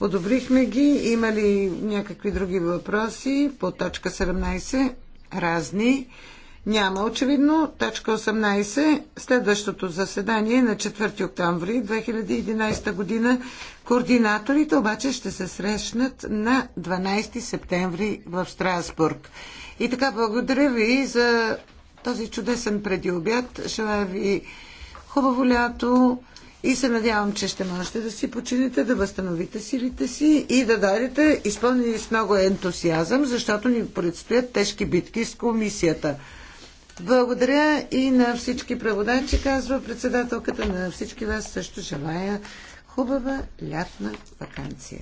Одобрихме ги. Има ли някакви други въпроси по точка 17? Разни. Няма очевидно. Точка 18. Следващото заседание на 4 октомври 2011 година. Координаторите обаче ще се срещнат на 12 септември в Страсбург. И така, благодаря ви за този чудесен предиобяд. Желая ви хубаво лято и се надявам, че ще можете да си почините, да възстановите силите си и да дадете изпълнени с много ентусиазъм, защото ни предстоят тежки битки с комисията. Благодаря и на всички преводачи, казва председателката на всички вас също желая хубава лятна вакансия.